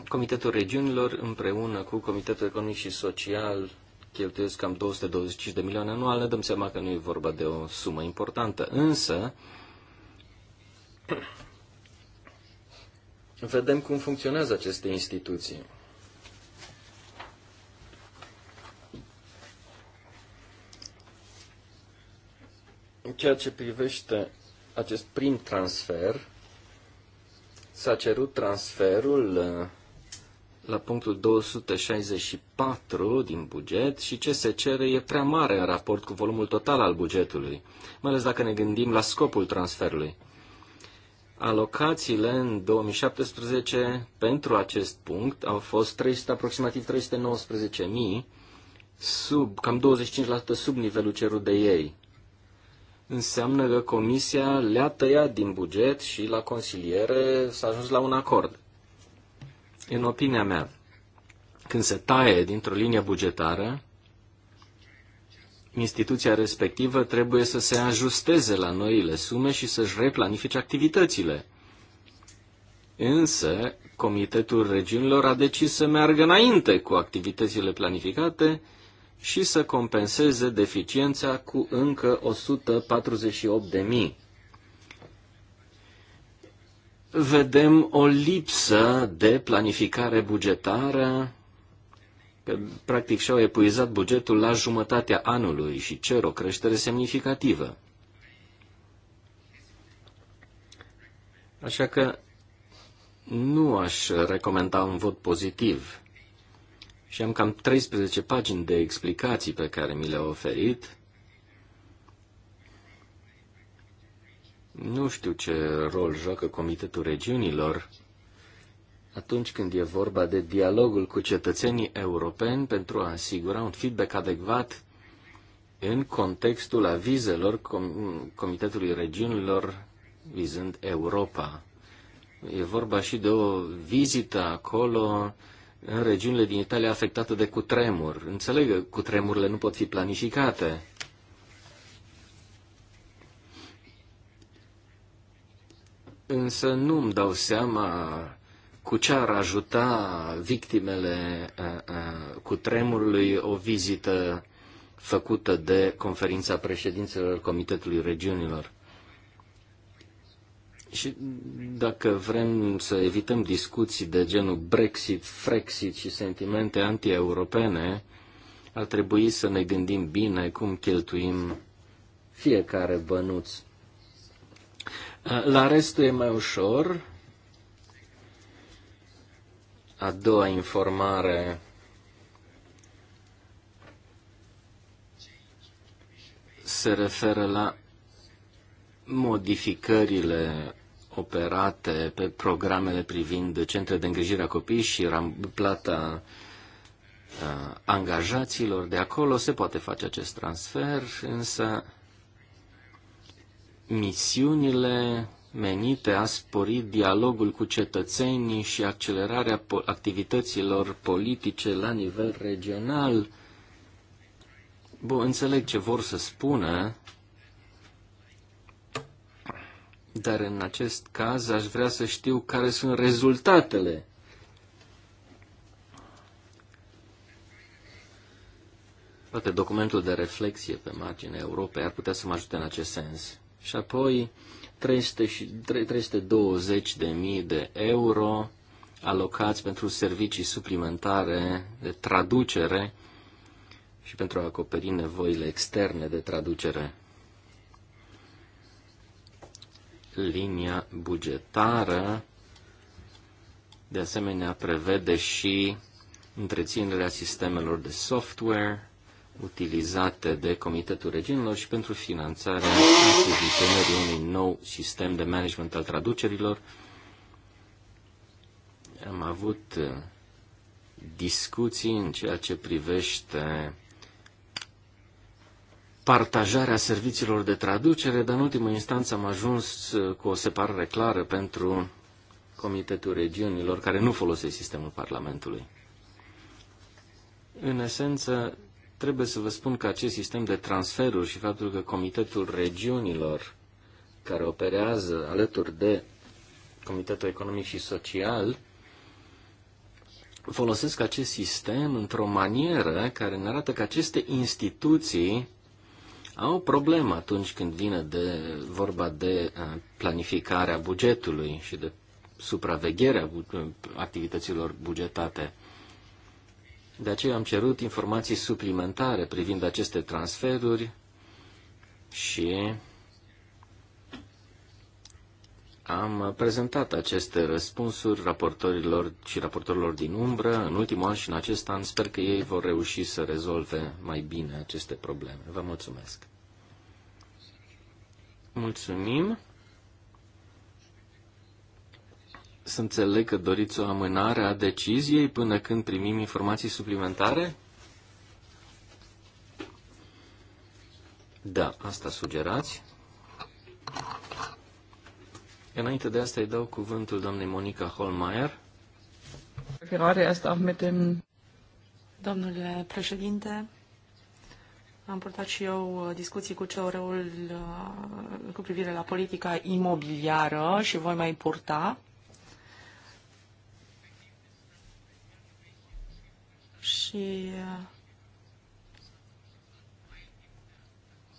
Comitetul Regiunilor împreună cu Comitetul Economic și Social cheltuiesc cam 225 de milioane anual, ne dăm seama că nu e vorba de o sumă importantă. Însă, vedem cum funcționează aceste instituții. În ceea ce privește acest prim transfer, s-a cerut transferul uh, la punctul 264 din buget și ce se cere e prea mare în raport cu volumul total al bugetului, mai ales dacă ne gândim la scopul transferului. Alocațiile în 2017 pentru acest punct au fost 300, aproximativ 319.000, sub, cam 25% sub nivelul cerut de ei. Înseamnă că comisia le-a tăiat din buget și la consiliere s-a ajuns la un acord. În opinia mea, când se taie dintr-o linie bugetară, instituția respectivă trebuie să se ajusteze la noile sume și să-și replanifice activitățile. Însă, Comitetul Regiunilor a decis să meargă înainte cu activitățile planificate și să compenseze deficiența cu încă 148.000 vedem o lipsă de planificare bugetară, că practic și-au epuizat bugetul la jumătatea anului și cer o creștere semnificativă. Așa că nu aș recomanda un vot pozitiv. Și am cam 13 pagini de explicații pe care mi le au oferit Nu știu ce rol joacă Comitetul Regiunilor atunci când e vorba de dialogul cu cetățenii europeni pentru a asigura un feedback adecvat în contextul avizelor Com- Comitetului Regiunilor vizând Europa. E vorba și de o vizită acolo în regiunile din Italia afectate de cutremur. Înțeleg că cutremurile nu pot fi planificate, însă nu-mi dau seama cu ce ar ajuta victimele cu tremurului o vizită făcută de conferința președinților Comitetului Regiunilor. Și dacă vrem să evităm discuții de genul Brexit, Frexit și sentimente anti-europene, ar trebui să ne gândim bine cum cheltuim fiecare bănuț la restul e mai ușor. A doua informare se referă la modificările operate pe programele privind centre de îngrijire a copiii și plata uh, angajaților de acolo. Se poate face acest transfer, însă misiunile menite a spori dialogul cu cetățenii și accelerarea activităților politice la nivel regional. Bun, înțeleg ce vor să spună, dar în acest caz aș vrea să știu care sunt rezultatele. Poate documentul de reflexie pe marginea Europei ar putea să mă ajute în acest sens și apoi 300 320 de mii de euro alocați pentru servicii suplimentare de traducere și pentru a acoperi nevoile externe de traducere. Linia bugetară de asemenea prevede și întreținerea sistemelor de software utilizate de Comitetul Regiunilor și pentru finanțarea implementării unui nou sistem de management al traducerilor. Am avut uh, discuții în ceea ce privește partajarea serviciilor de traducere, dar în ultimă instanță am ajuns uh, cu o separare clară pentru Comitetul Regiunilor care nu folosește sistemul Parlamentului. În esență, Trebuie să vă spun că acest sistem de transferuri și faptul că Comitetul Regiunilor care operează alături de Comitetul Economic și Social folosesc acest sistem într-o manieră care ne arată că aceste instituții au o problemă atunci când vine de vorba de uh, planificarea bugetului și de supravegherea uh, activităților bugetate. De aceea am cerut informații suplimentare privind aceste transferuri și am prezentat aceste răspunsuri raportorilor și raportorilor din umbră în ultimul an și în acest an. Sper că ei vor reuși să rezolve mai bine aceste probleme. Vă mulțumesc! Mulțumim! Să înțeleg că doriți o amânare a deciziei până când primim informații suplimentare? Da, asta sugerați. Înainte de asta îi dau cuvântul doamnei Monica Holmeier. Gerade asta metem. Domnule președinte, am purtat și eu uh, discuții cu ceo ul uh, cu privire la politica imobiliară și voi mai purta. și uh,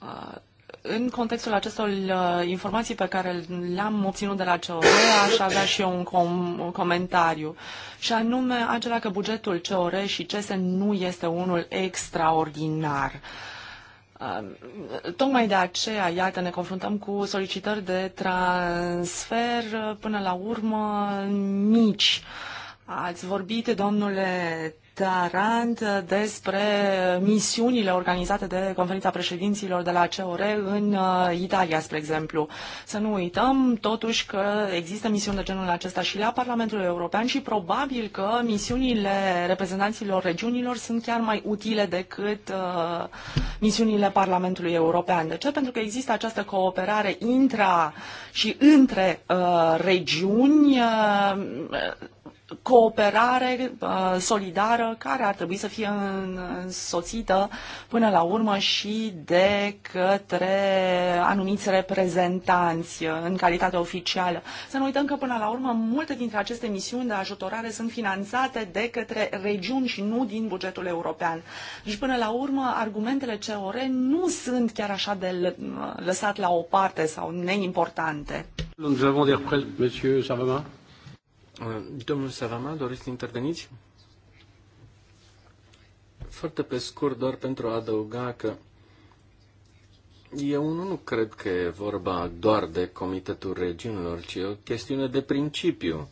uh, în contextul acestor uh, informații pe care le-am obținut de la COR, aș avea și eu un, com- un comentariu. Și anume, acela că bugetul COR și CESE nu este unul extraordinar. Tocmai de aceea, iată, ne confruntăm cu solicitări de transfer, până la urmă, mici. Ați vorbit, domnule garant despre misiunile organizate de conferința președinților de la CEORE în uh, Italia, spre exemplu. Să nu uităm totuși că există misiuni de genul acesta și la Parlamentul European și probabil că misiunile reprezentanților regiunilor sunt chiar mai utile decât uh, misiunile Parlamentului European. De ce? Pentru că există această cooperare intra și între uh, regiuni uh, cooperare uh, solidară care ar trebui să fie însoțită până la urmă și de către anumiți reprezentanți în calitate oficială. Să nu uităm că până la urmă multe dintre aceste misiuni de ajutorare sunt finanțate de către regiuni și nu din bugetul european. Deci până la urmă argumentele COR nu sunt chiar așa de lăsat la o parte sau neimportante. Nous avons des monsieur Savama. Uh, domnul Sarama, doriți să interveniți? Foarte pe scurt, doar pentru a adăuga că eu nu, nu cred că e vorba doar de Comitetul Regiunilor, ci e o chestiune de principiu.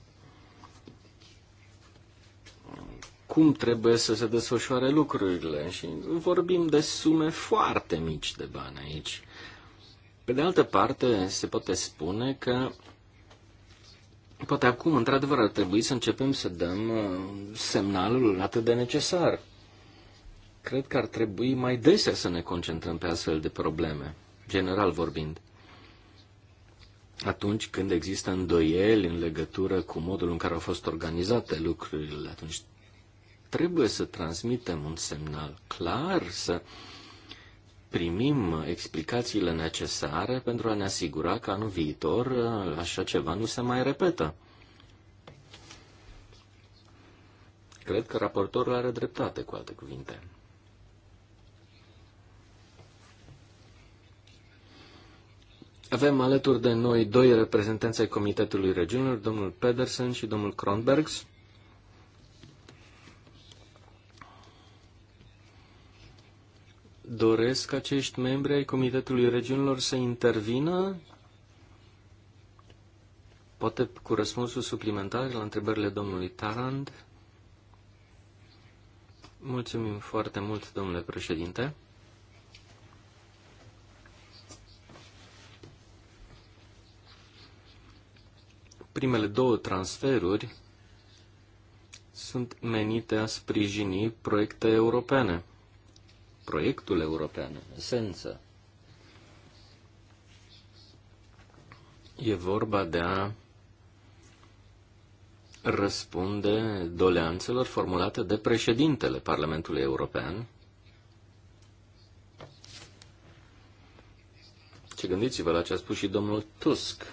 Cum trebuie să se desfășoare lucrurile și vorbim de sume foarte mici de bani aici. Pe de altă parte, se poate spune că Poate acum, într-adevăr, ar trebui să începem să dăm uh, semnalul atât de necesar. Cred că ar trebui mai desea să ne concentrăm pe astfel de probleme, general vorbind. Atunci când există îndoieli în legătură cu modul în care au fost organizate lucrurile, atunci trebuie să transmitem un semnal clar, să uh, primim explicațiile necesare pentru a ne asigura că anul viitor uh, așa ceva nu se mai repetă. Cred că raportorul are dreptate, cu alte cuvinte. Avem alături de noi doi reprezentanți ai Comitetului Regiunilor, domnul Pedersen și domnul Kronbergs. Doresc acești membri ai Comitetului Regiunilor să intervină? Poate cu răspunsul suplimentar la întrebările domnului Tarand? Mulțumim foarte mult, domnule președinte. Primele două transferuri sunt menite a sprijini proiecte europene proiectul european în esență. E vorba de a răspunde doleanțelor formulate de președintele Parlamentului European. Ce gândiți-vă la ce a spus și domnul Tusk.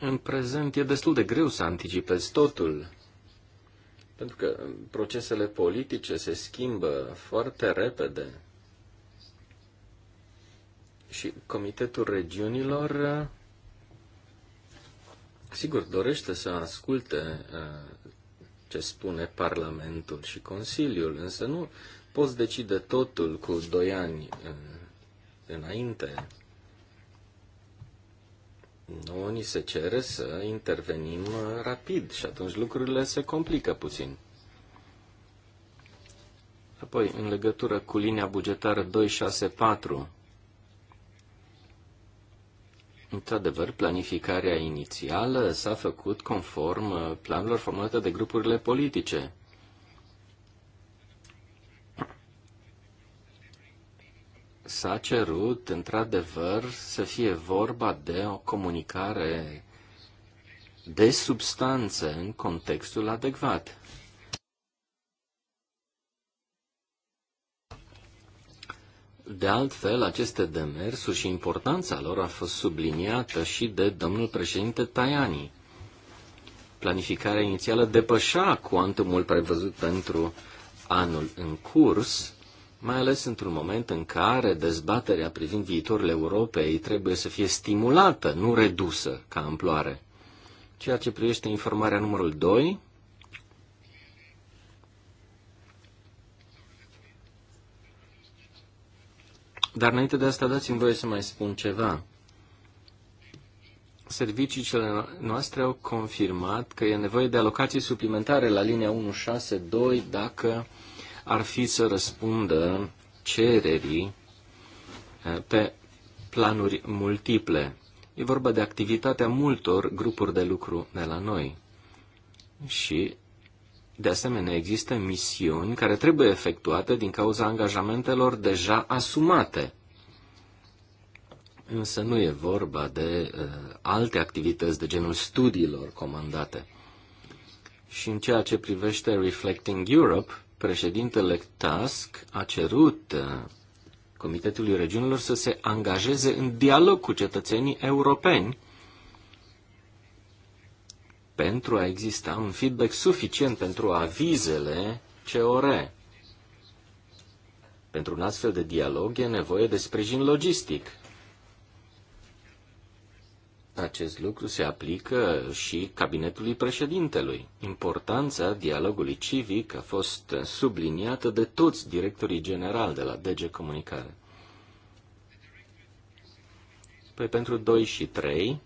În prezent e destul de greu să anticipezi totul. Pentru că procesele politice se schimbă foarte repede. Și Comitetul Regiunilor, sigur, dorește să asculte uh, ce spune Parlamentul și Consiliul, însă nu poți decide totul cu doi ani uh, înainte. Nu ni se cere să intervenim uh, rapid și atunci lucrurile se complică puțin. Apoi, în legătură cu linia bugetară 264, Într-adevăr, planificarea inițială s-a făcut conform uh, planurilor formulate de grupurile politice. s-a cerut, într-adevăr, să fie vorba de o comunicare de substanță în contextul adecvat. De altfel, aceste demersuri și importanța lor a fost subliniată și de domnul președinte Tajani. Planificarea inițială depășea cuantumul prevăzut pentru anul în curs mai ales într-un moment în care dezbaterea privind viitorul Europei trebuie să fie stimulată, nu redusă ca amploare. Ceea ce privește informarea numărul 2, Dar înainte de asta dați-mi voie să mai spun ceva. Serviciile noastre au confirmat că e nevoie de alocații suplimentare la linia 162 dacă ar fi să răspundă cererii eh, pe planuri multiple. E vorba de activitatea multor grupuri de lucru de la noi. Și, de asemenea, există misiuni care trebuie efectuate din cauza angajamentelor deja asumate. Însă nu e vorba de uh, alte activități de genul studiilor comandate. Și în ceea ce privește Reflecting Europe, președintele Tusk a cerut uh, Comitetului Regiunilor să se angajeze în dialog cu cetățenii europeni pentru a exista un feedback suficient pentru avizele COR. Pentru un astfel de dialog e nevoie de sprijin logistic. Acest lucru se aplică și cabinetului președintelui. Importanța dialogului civic a fost subliniată de toți directorii generali de la DG Comunicare. Păi pentru 2 și 3,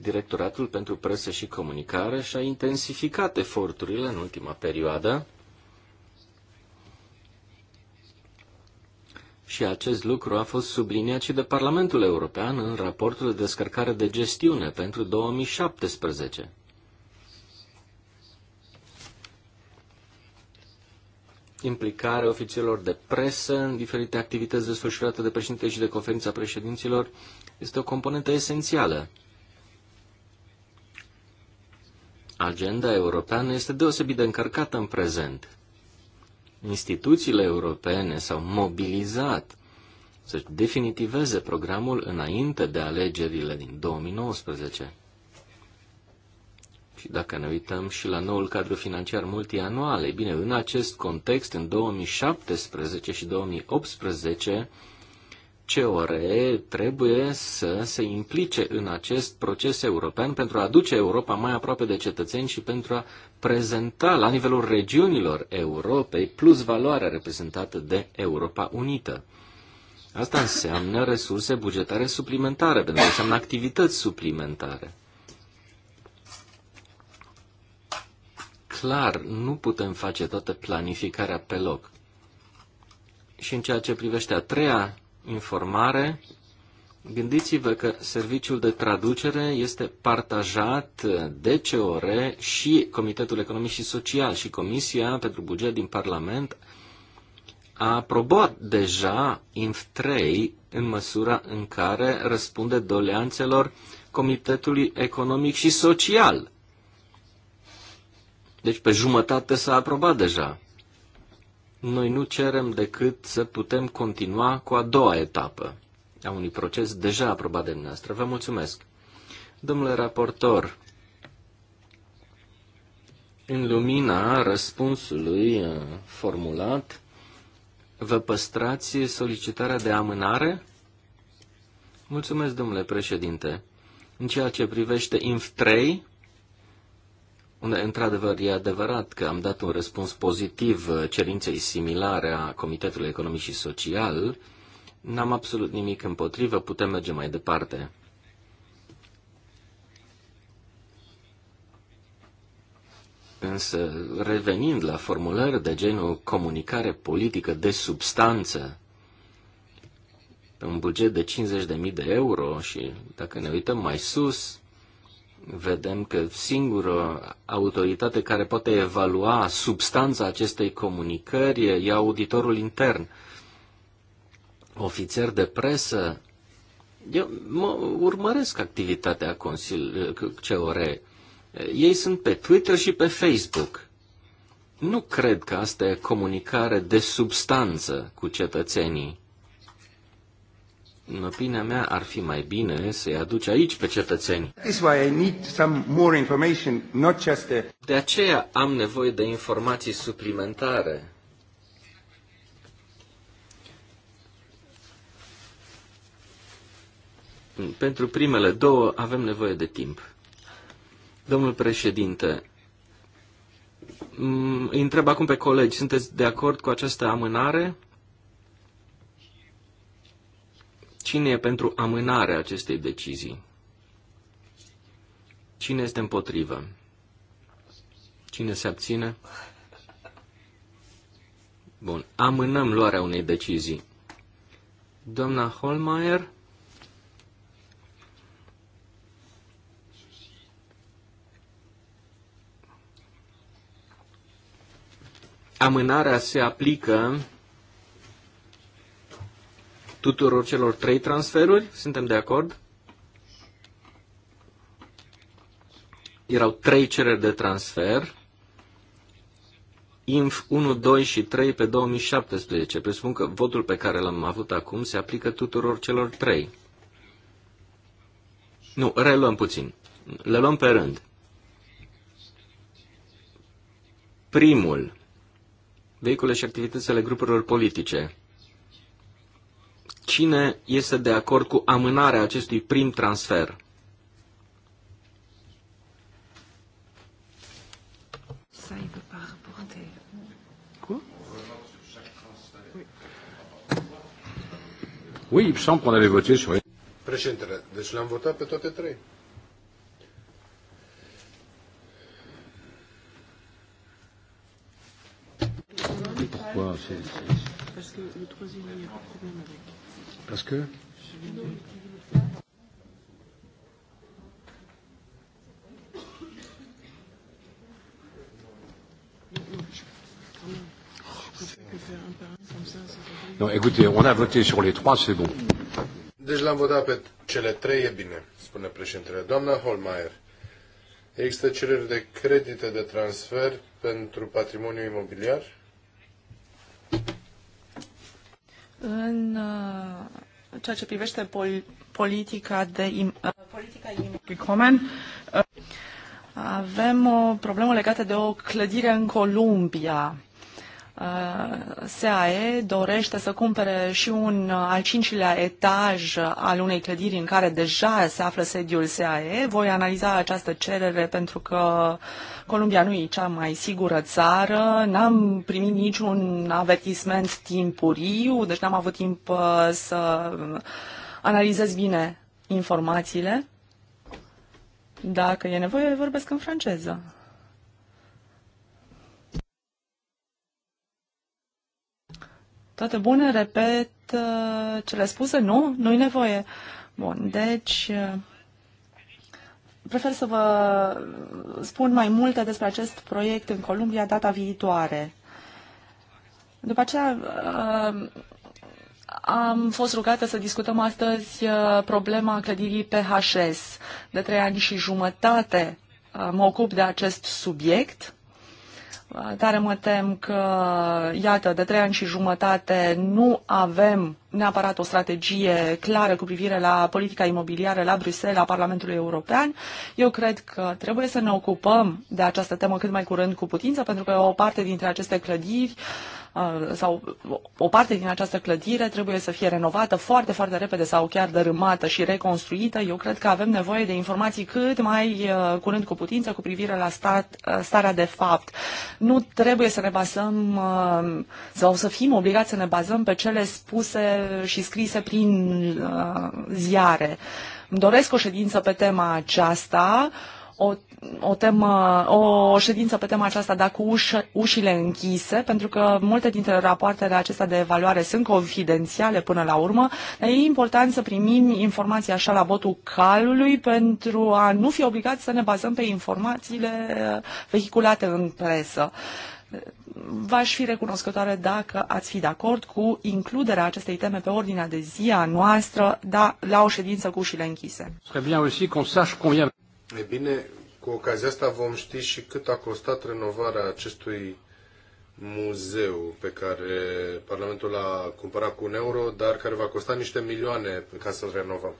Directoratul pentru Presă și Comunicare și-a intensificat eforturile în ultima perioadă Și acest lucru a fost subliniat și de Parlamentul European în raportul de descărcare de gestiune pentru 2017. implicarea ofițerilor de presă în diferite activități desfășurate de președinte și de conferința președinților este o componentă esențială. Agenda europeană este deosebit de încărcată în prezent. Instituțiile europene s-au mobilizat să definitiveze programul înainte de alegerile din 2019. Și dacă ne uităm și la noul cadru financiar multianual, e bine, în acest context, în 2017 și 2018, CORE trebuie să se implice în acest proces european pentru a aduce Europa mai aproape de cetățeni și pentru a prezenta la nivelul regiunilor Europei plus valoarea reprezentată de Europa Unită. Asta înseamnă resurse bugetare suplimentare, pentru că înseamnă activități suplimentare. Clar, nu putem face toată planificarea pe loc. Și în ceea ce privește a treia informare, gândiți-vă că serviciul de traducere este partajat de COR și Comitetul Economic și Social și Comisia pentru Buget din Parlament a aprobat deja INF3 în măsura în care răspunde doleanțelor Comitetului Economic și Social. Deci pe jumătate s-a aprobat deja. Noi nu cerem decât să putem continua cu a doua etapă a unui proces deja aprobat de dumneavoastră. Vă mulțumesc. Domnule raportor, în lumina răspunsului uh, formulat, vă păstrați solicitarea de amânare? Mulțumesc, domnule președinte. În ceea ce privește INF 3, unde într-adevăr e adevărat că am dat un răspuns pozitiv cerinței similare a Comitetului Economic și Social, n-am absolut nimic împotrivă, putem merge mai departe. Însă, revenind la formulări de genul comunicare politică de substanță, pe un buget de 50.000 de euro și, dacă ne uităm mai sus, vedem că singura autoritate care poate evalua substanța acestei comunicări e auditorul intern. Ofițer de presă, eu mă urmăresc activitatea Consiliului COR. Ei sunt pe Twitter și pe Facebook. Nu cred că asta e comunicare de substanță cu cetățenii. În opinia mea, ar fi mai bine să-i aduci aici pe cetățeni. De aceea am nevoie de informații suplimentare. Pentru primele două avem nevoie de timp. Domnul președinte, îi întreb acum pe colegi, sunteți de acord cu această amânare? Cine e pentru amânarea acestei decizii? Cine este împotrivă? Cine se abține? Bun. Amânăm luarea unei decizii. Doamna Holmeier? Amânarea se aplică tuturor celor trei transferuri. Suntem de acord? Erau trei cereri de transfer. INF 1, 2 și 3 pe 2017. Presupun că votul pe care l-am avut acum se aplică tuturor celor trei. Nu, reluăm puțin. Le luăm pe rând. Primul. Vehicule și activitățile grupurilor politice. Cine este de acord cu amânarea acestui prim transfer? Oui, il me semble qu'on avait voté sur... les... deci le-am votat pe toate trei. Pourquoi Parce que le troisième, il y a un problème avec. Parce que Non, écoutez, on a voté sur les trois, c'est bon. Deci l-am votat pe cele trei, e bine, spune președintele. Doamna Holmeier, există cereri de credite de transfer pentru patrimoniu imobiliar? În uh, ceea ce privește pol- politica de im- uh, politica uh, avem o problemă legată de o clădire în Columbia. Uh, SAE dorește să cumpere și un uh, al cincilea etaj al unei clădiri în care deja se află sediul SAE. Voi analiza această cerere pentru că Columbia nu e cea mai sigură țară. N-am primit niciun avertisment timpuriu, deci n-am avut timp uh, să analizez bine informațiile. Dacă e nevoie, vorbesc în franceză. Toate bune, repet uh, cele spuse, nu, nu-i nevoie. Bun, deci uh, prefer să vă spun mai multe despre acest proiect în Columbia data viitoare. După aceea, uh, am fost rugată să discutăm astăzi problema clădirii PHS. De trei ani și jumătate mă ocup de acest subiect. Tare mă tem că, iată, de trei ani și jumătate nu avem neapărat o strategie clară cu privire la politica imobiliară la Bruxelles, la Parlamentul European. Eu cred că trebuie să ne ocupăm de această temă cât mai curând cu putință, pentru că o parte dintre aceste clădiri uh, Uh, sau o parte din această clădire trebuie să fie renovată foarte, foarte repede sau chiar dărâmată și reconstruită. Eu cred că avem nevoie de informații cât mai uh, curând cu putință cu privire la stat, uh, starea de fapt. Nu trebuie să ne bazăm sau să fim obligați să ne bazăm pe cele spuse și scrise prin ziare. Îmi doresc o ședință pe tema aceasta. Uh, o, o, temă, o ședință pe tema aceasta, dar cu uș, ușile închise, pentru că multe dintre rapoartele acestea de evaluare sunt confidențiale până la urmă, dar e important să primim informații așa la botul calului pentru a nu fi obligați să ne bazăm pe informațiile vehiculate în presă. V-aș fi recunoscătoare dacă ați fi de acord cu includerea acestei teme pe ordinea de zi a noastră, dar la o ședință cu ușile închise. E bine, cu ocazia asta vom ști și cât a costat renovarea acestui muzeu pe care Parlamentul l-a cumpărat cu un euro, dar care va costa niște milioane ca să-l renovăm.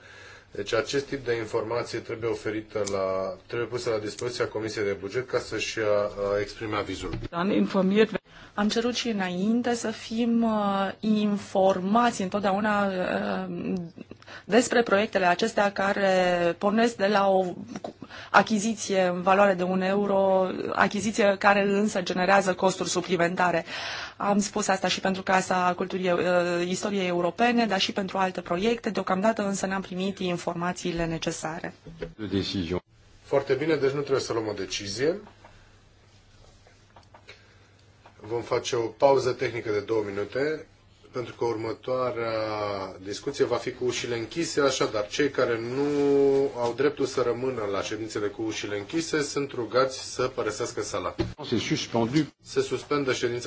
Deci acest tip de informație trebuie oferită la, trebuie pusă la dispoziția Comisiei de Buget ca să-și exprime avizul. Am informat, am cerut și înainte să fim uh, informați întotdeauna uh, despre proiectele acestea care pornesc de la o achiziție în valoare de un euro, achiziție care însă generează costuri suplimentare. Am spus asta și pentru Casa Culturii uh, Istoriei Europene, dar și pentru alte proiecte. Deocamdată însă n-am primit informațiile necesare. Foarte bine, deci nu trebuie să luăm o decizie. Vom face o pauză tehnică de două minute pentru că următoarea discuție va fi cu ușile închise, așadar cei care nu au dreptul să rămână la ședințele cu ușile închise sunt rugați să părăsească sala. Se suspendă ședința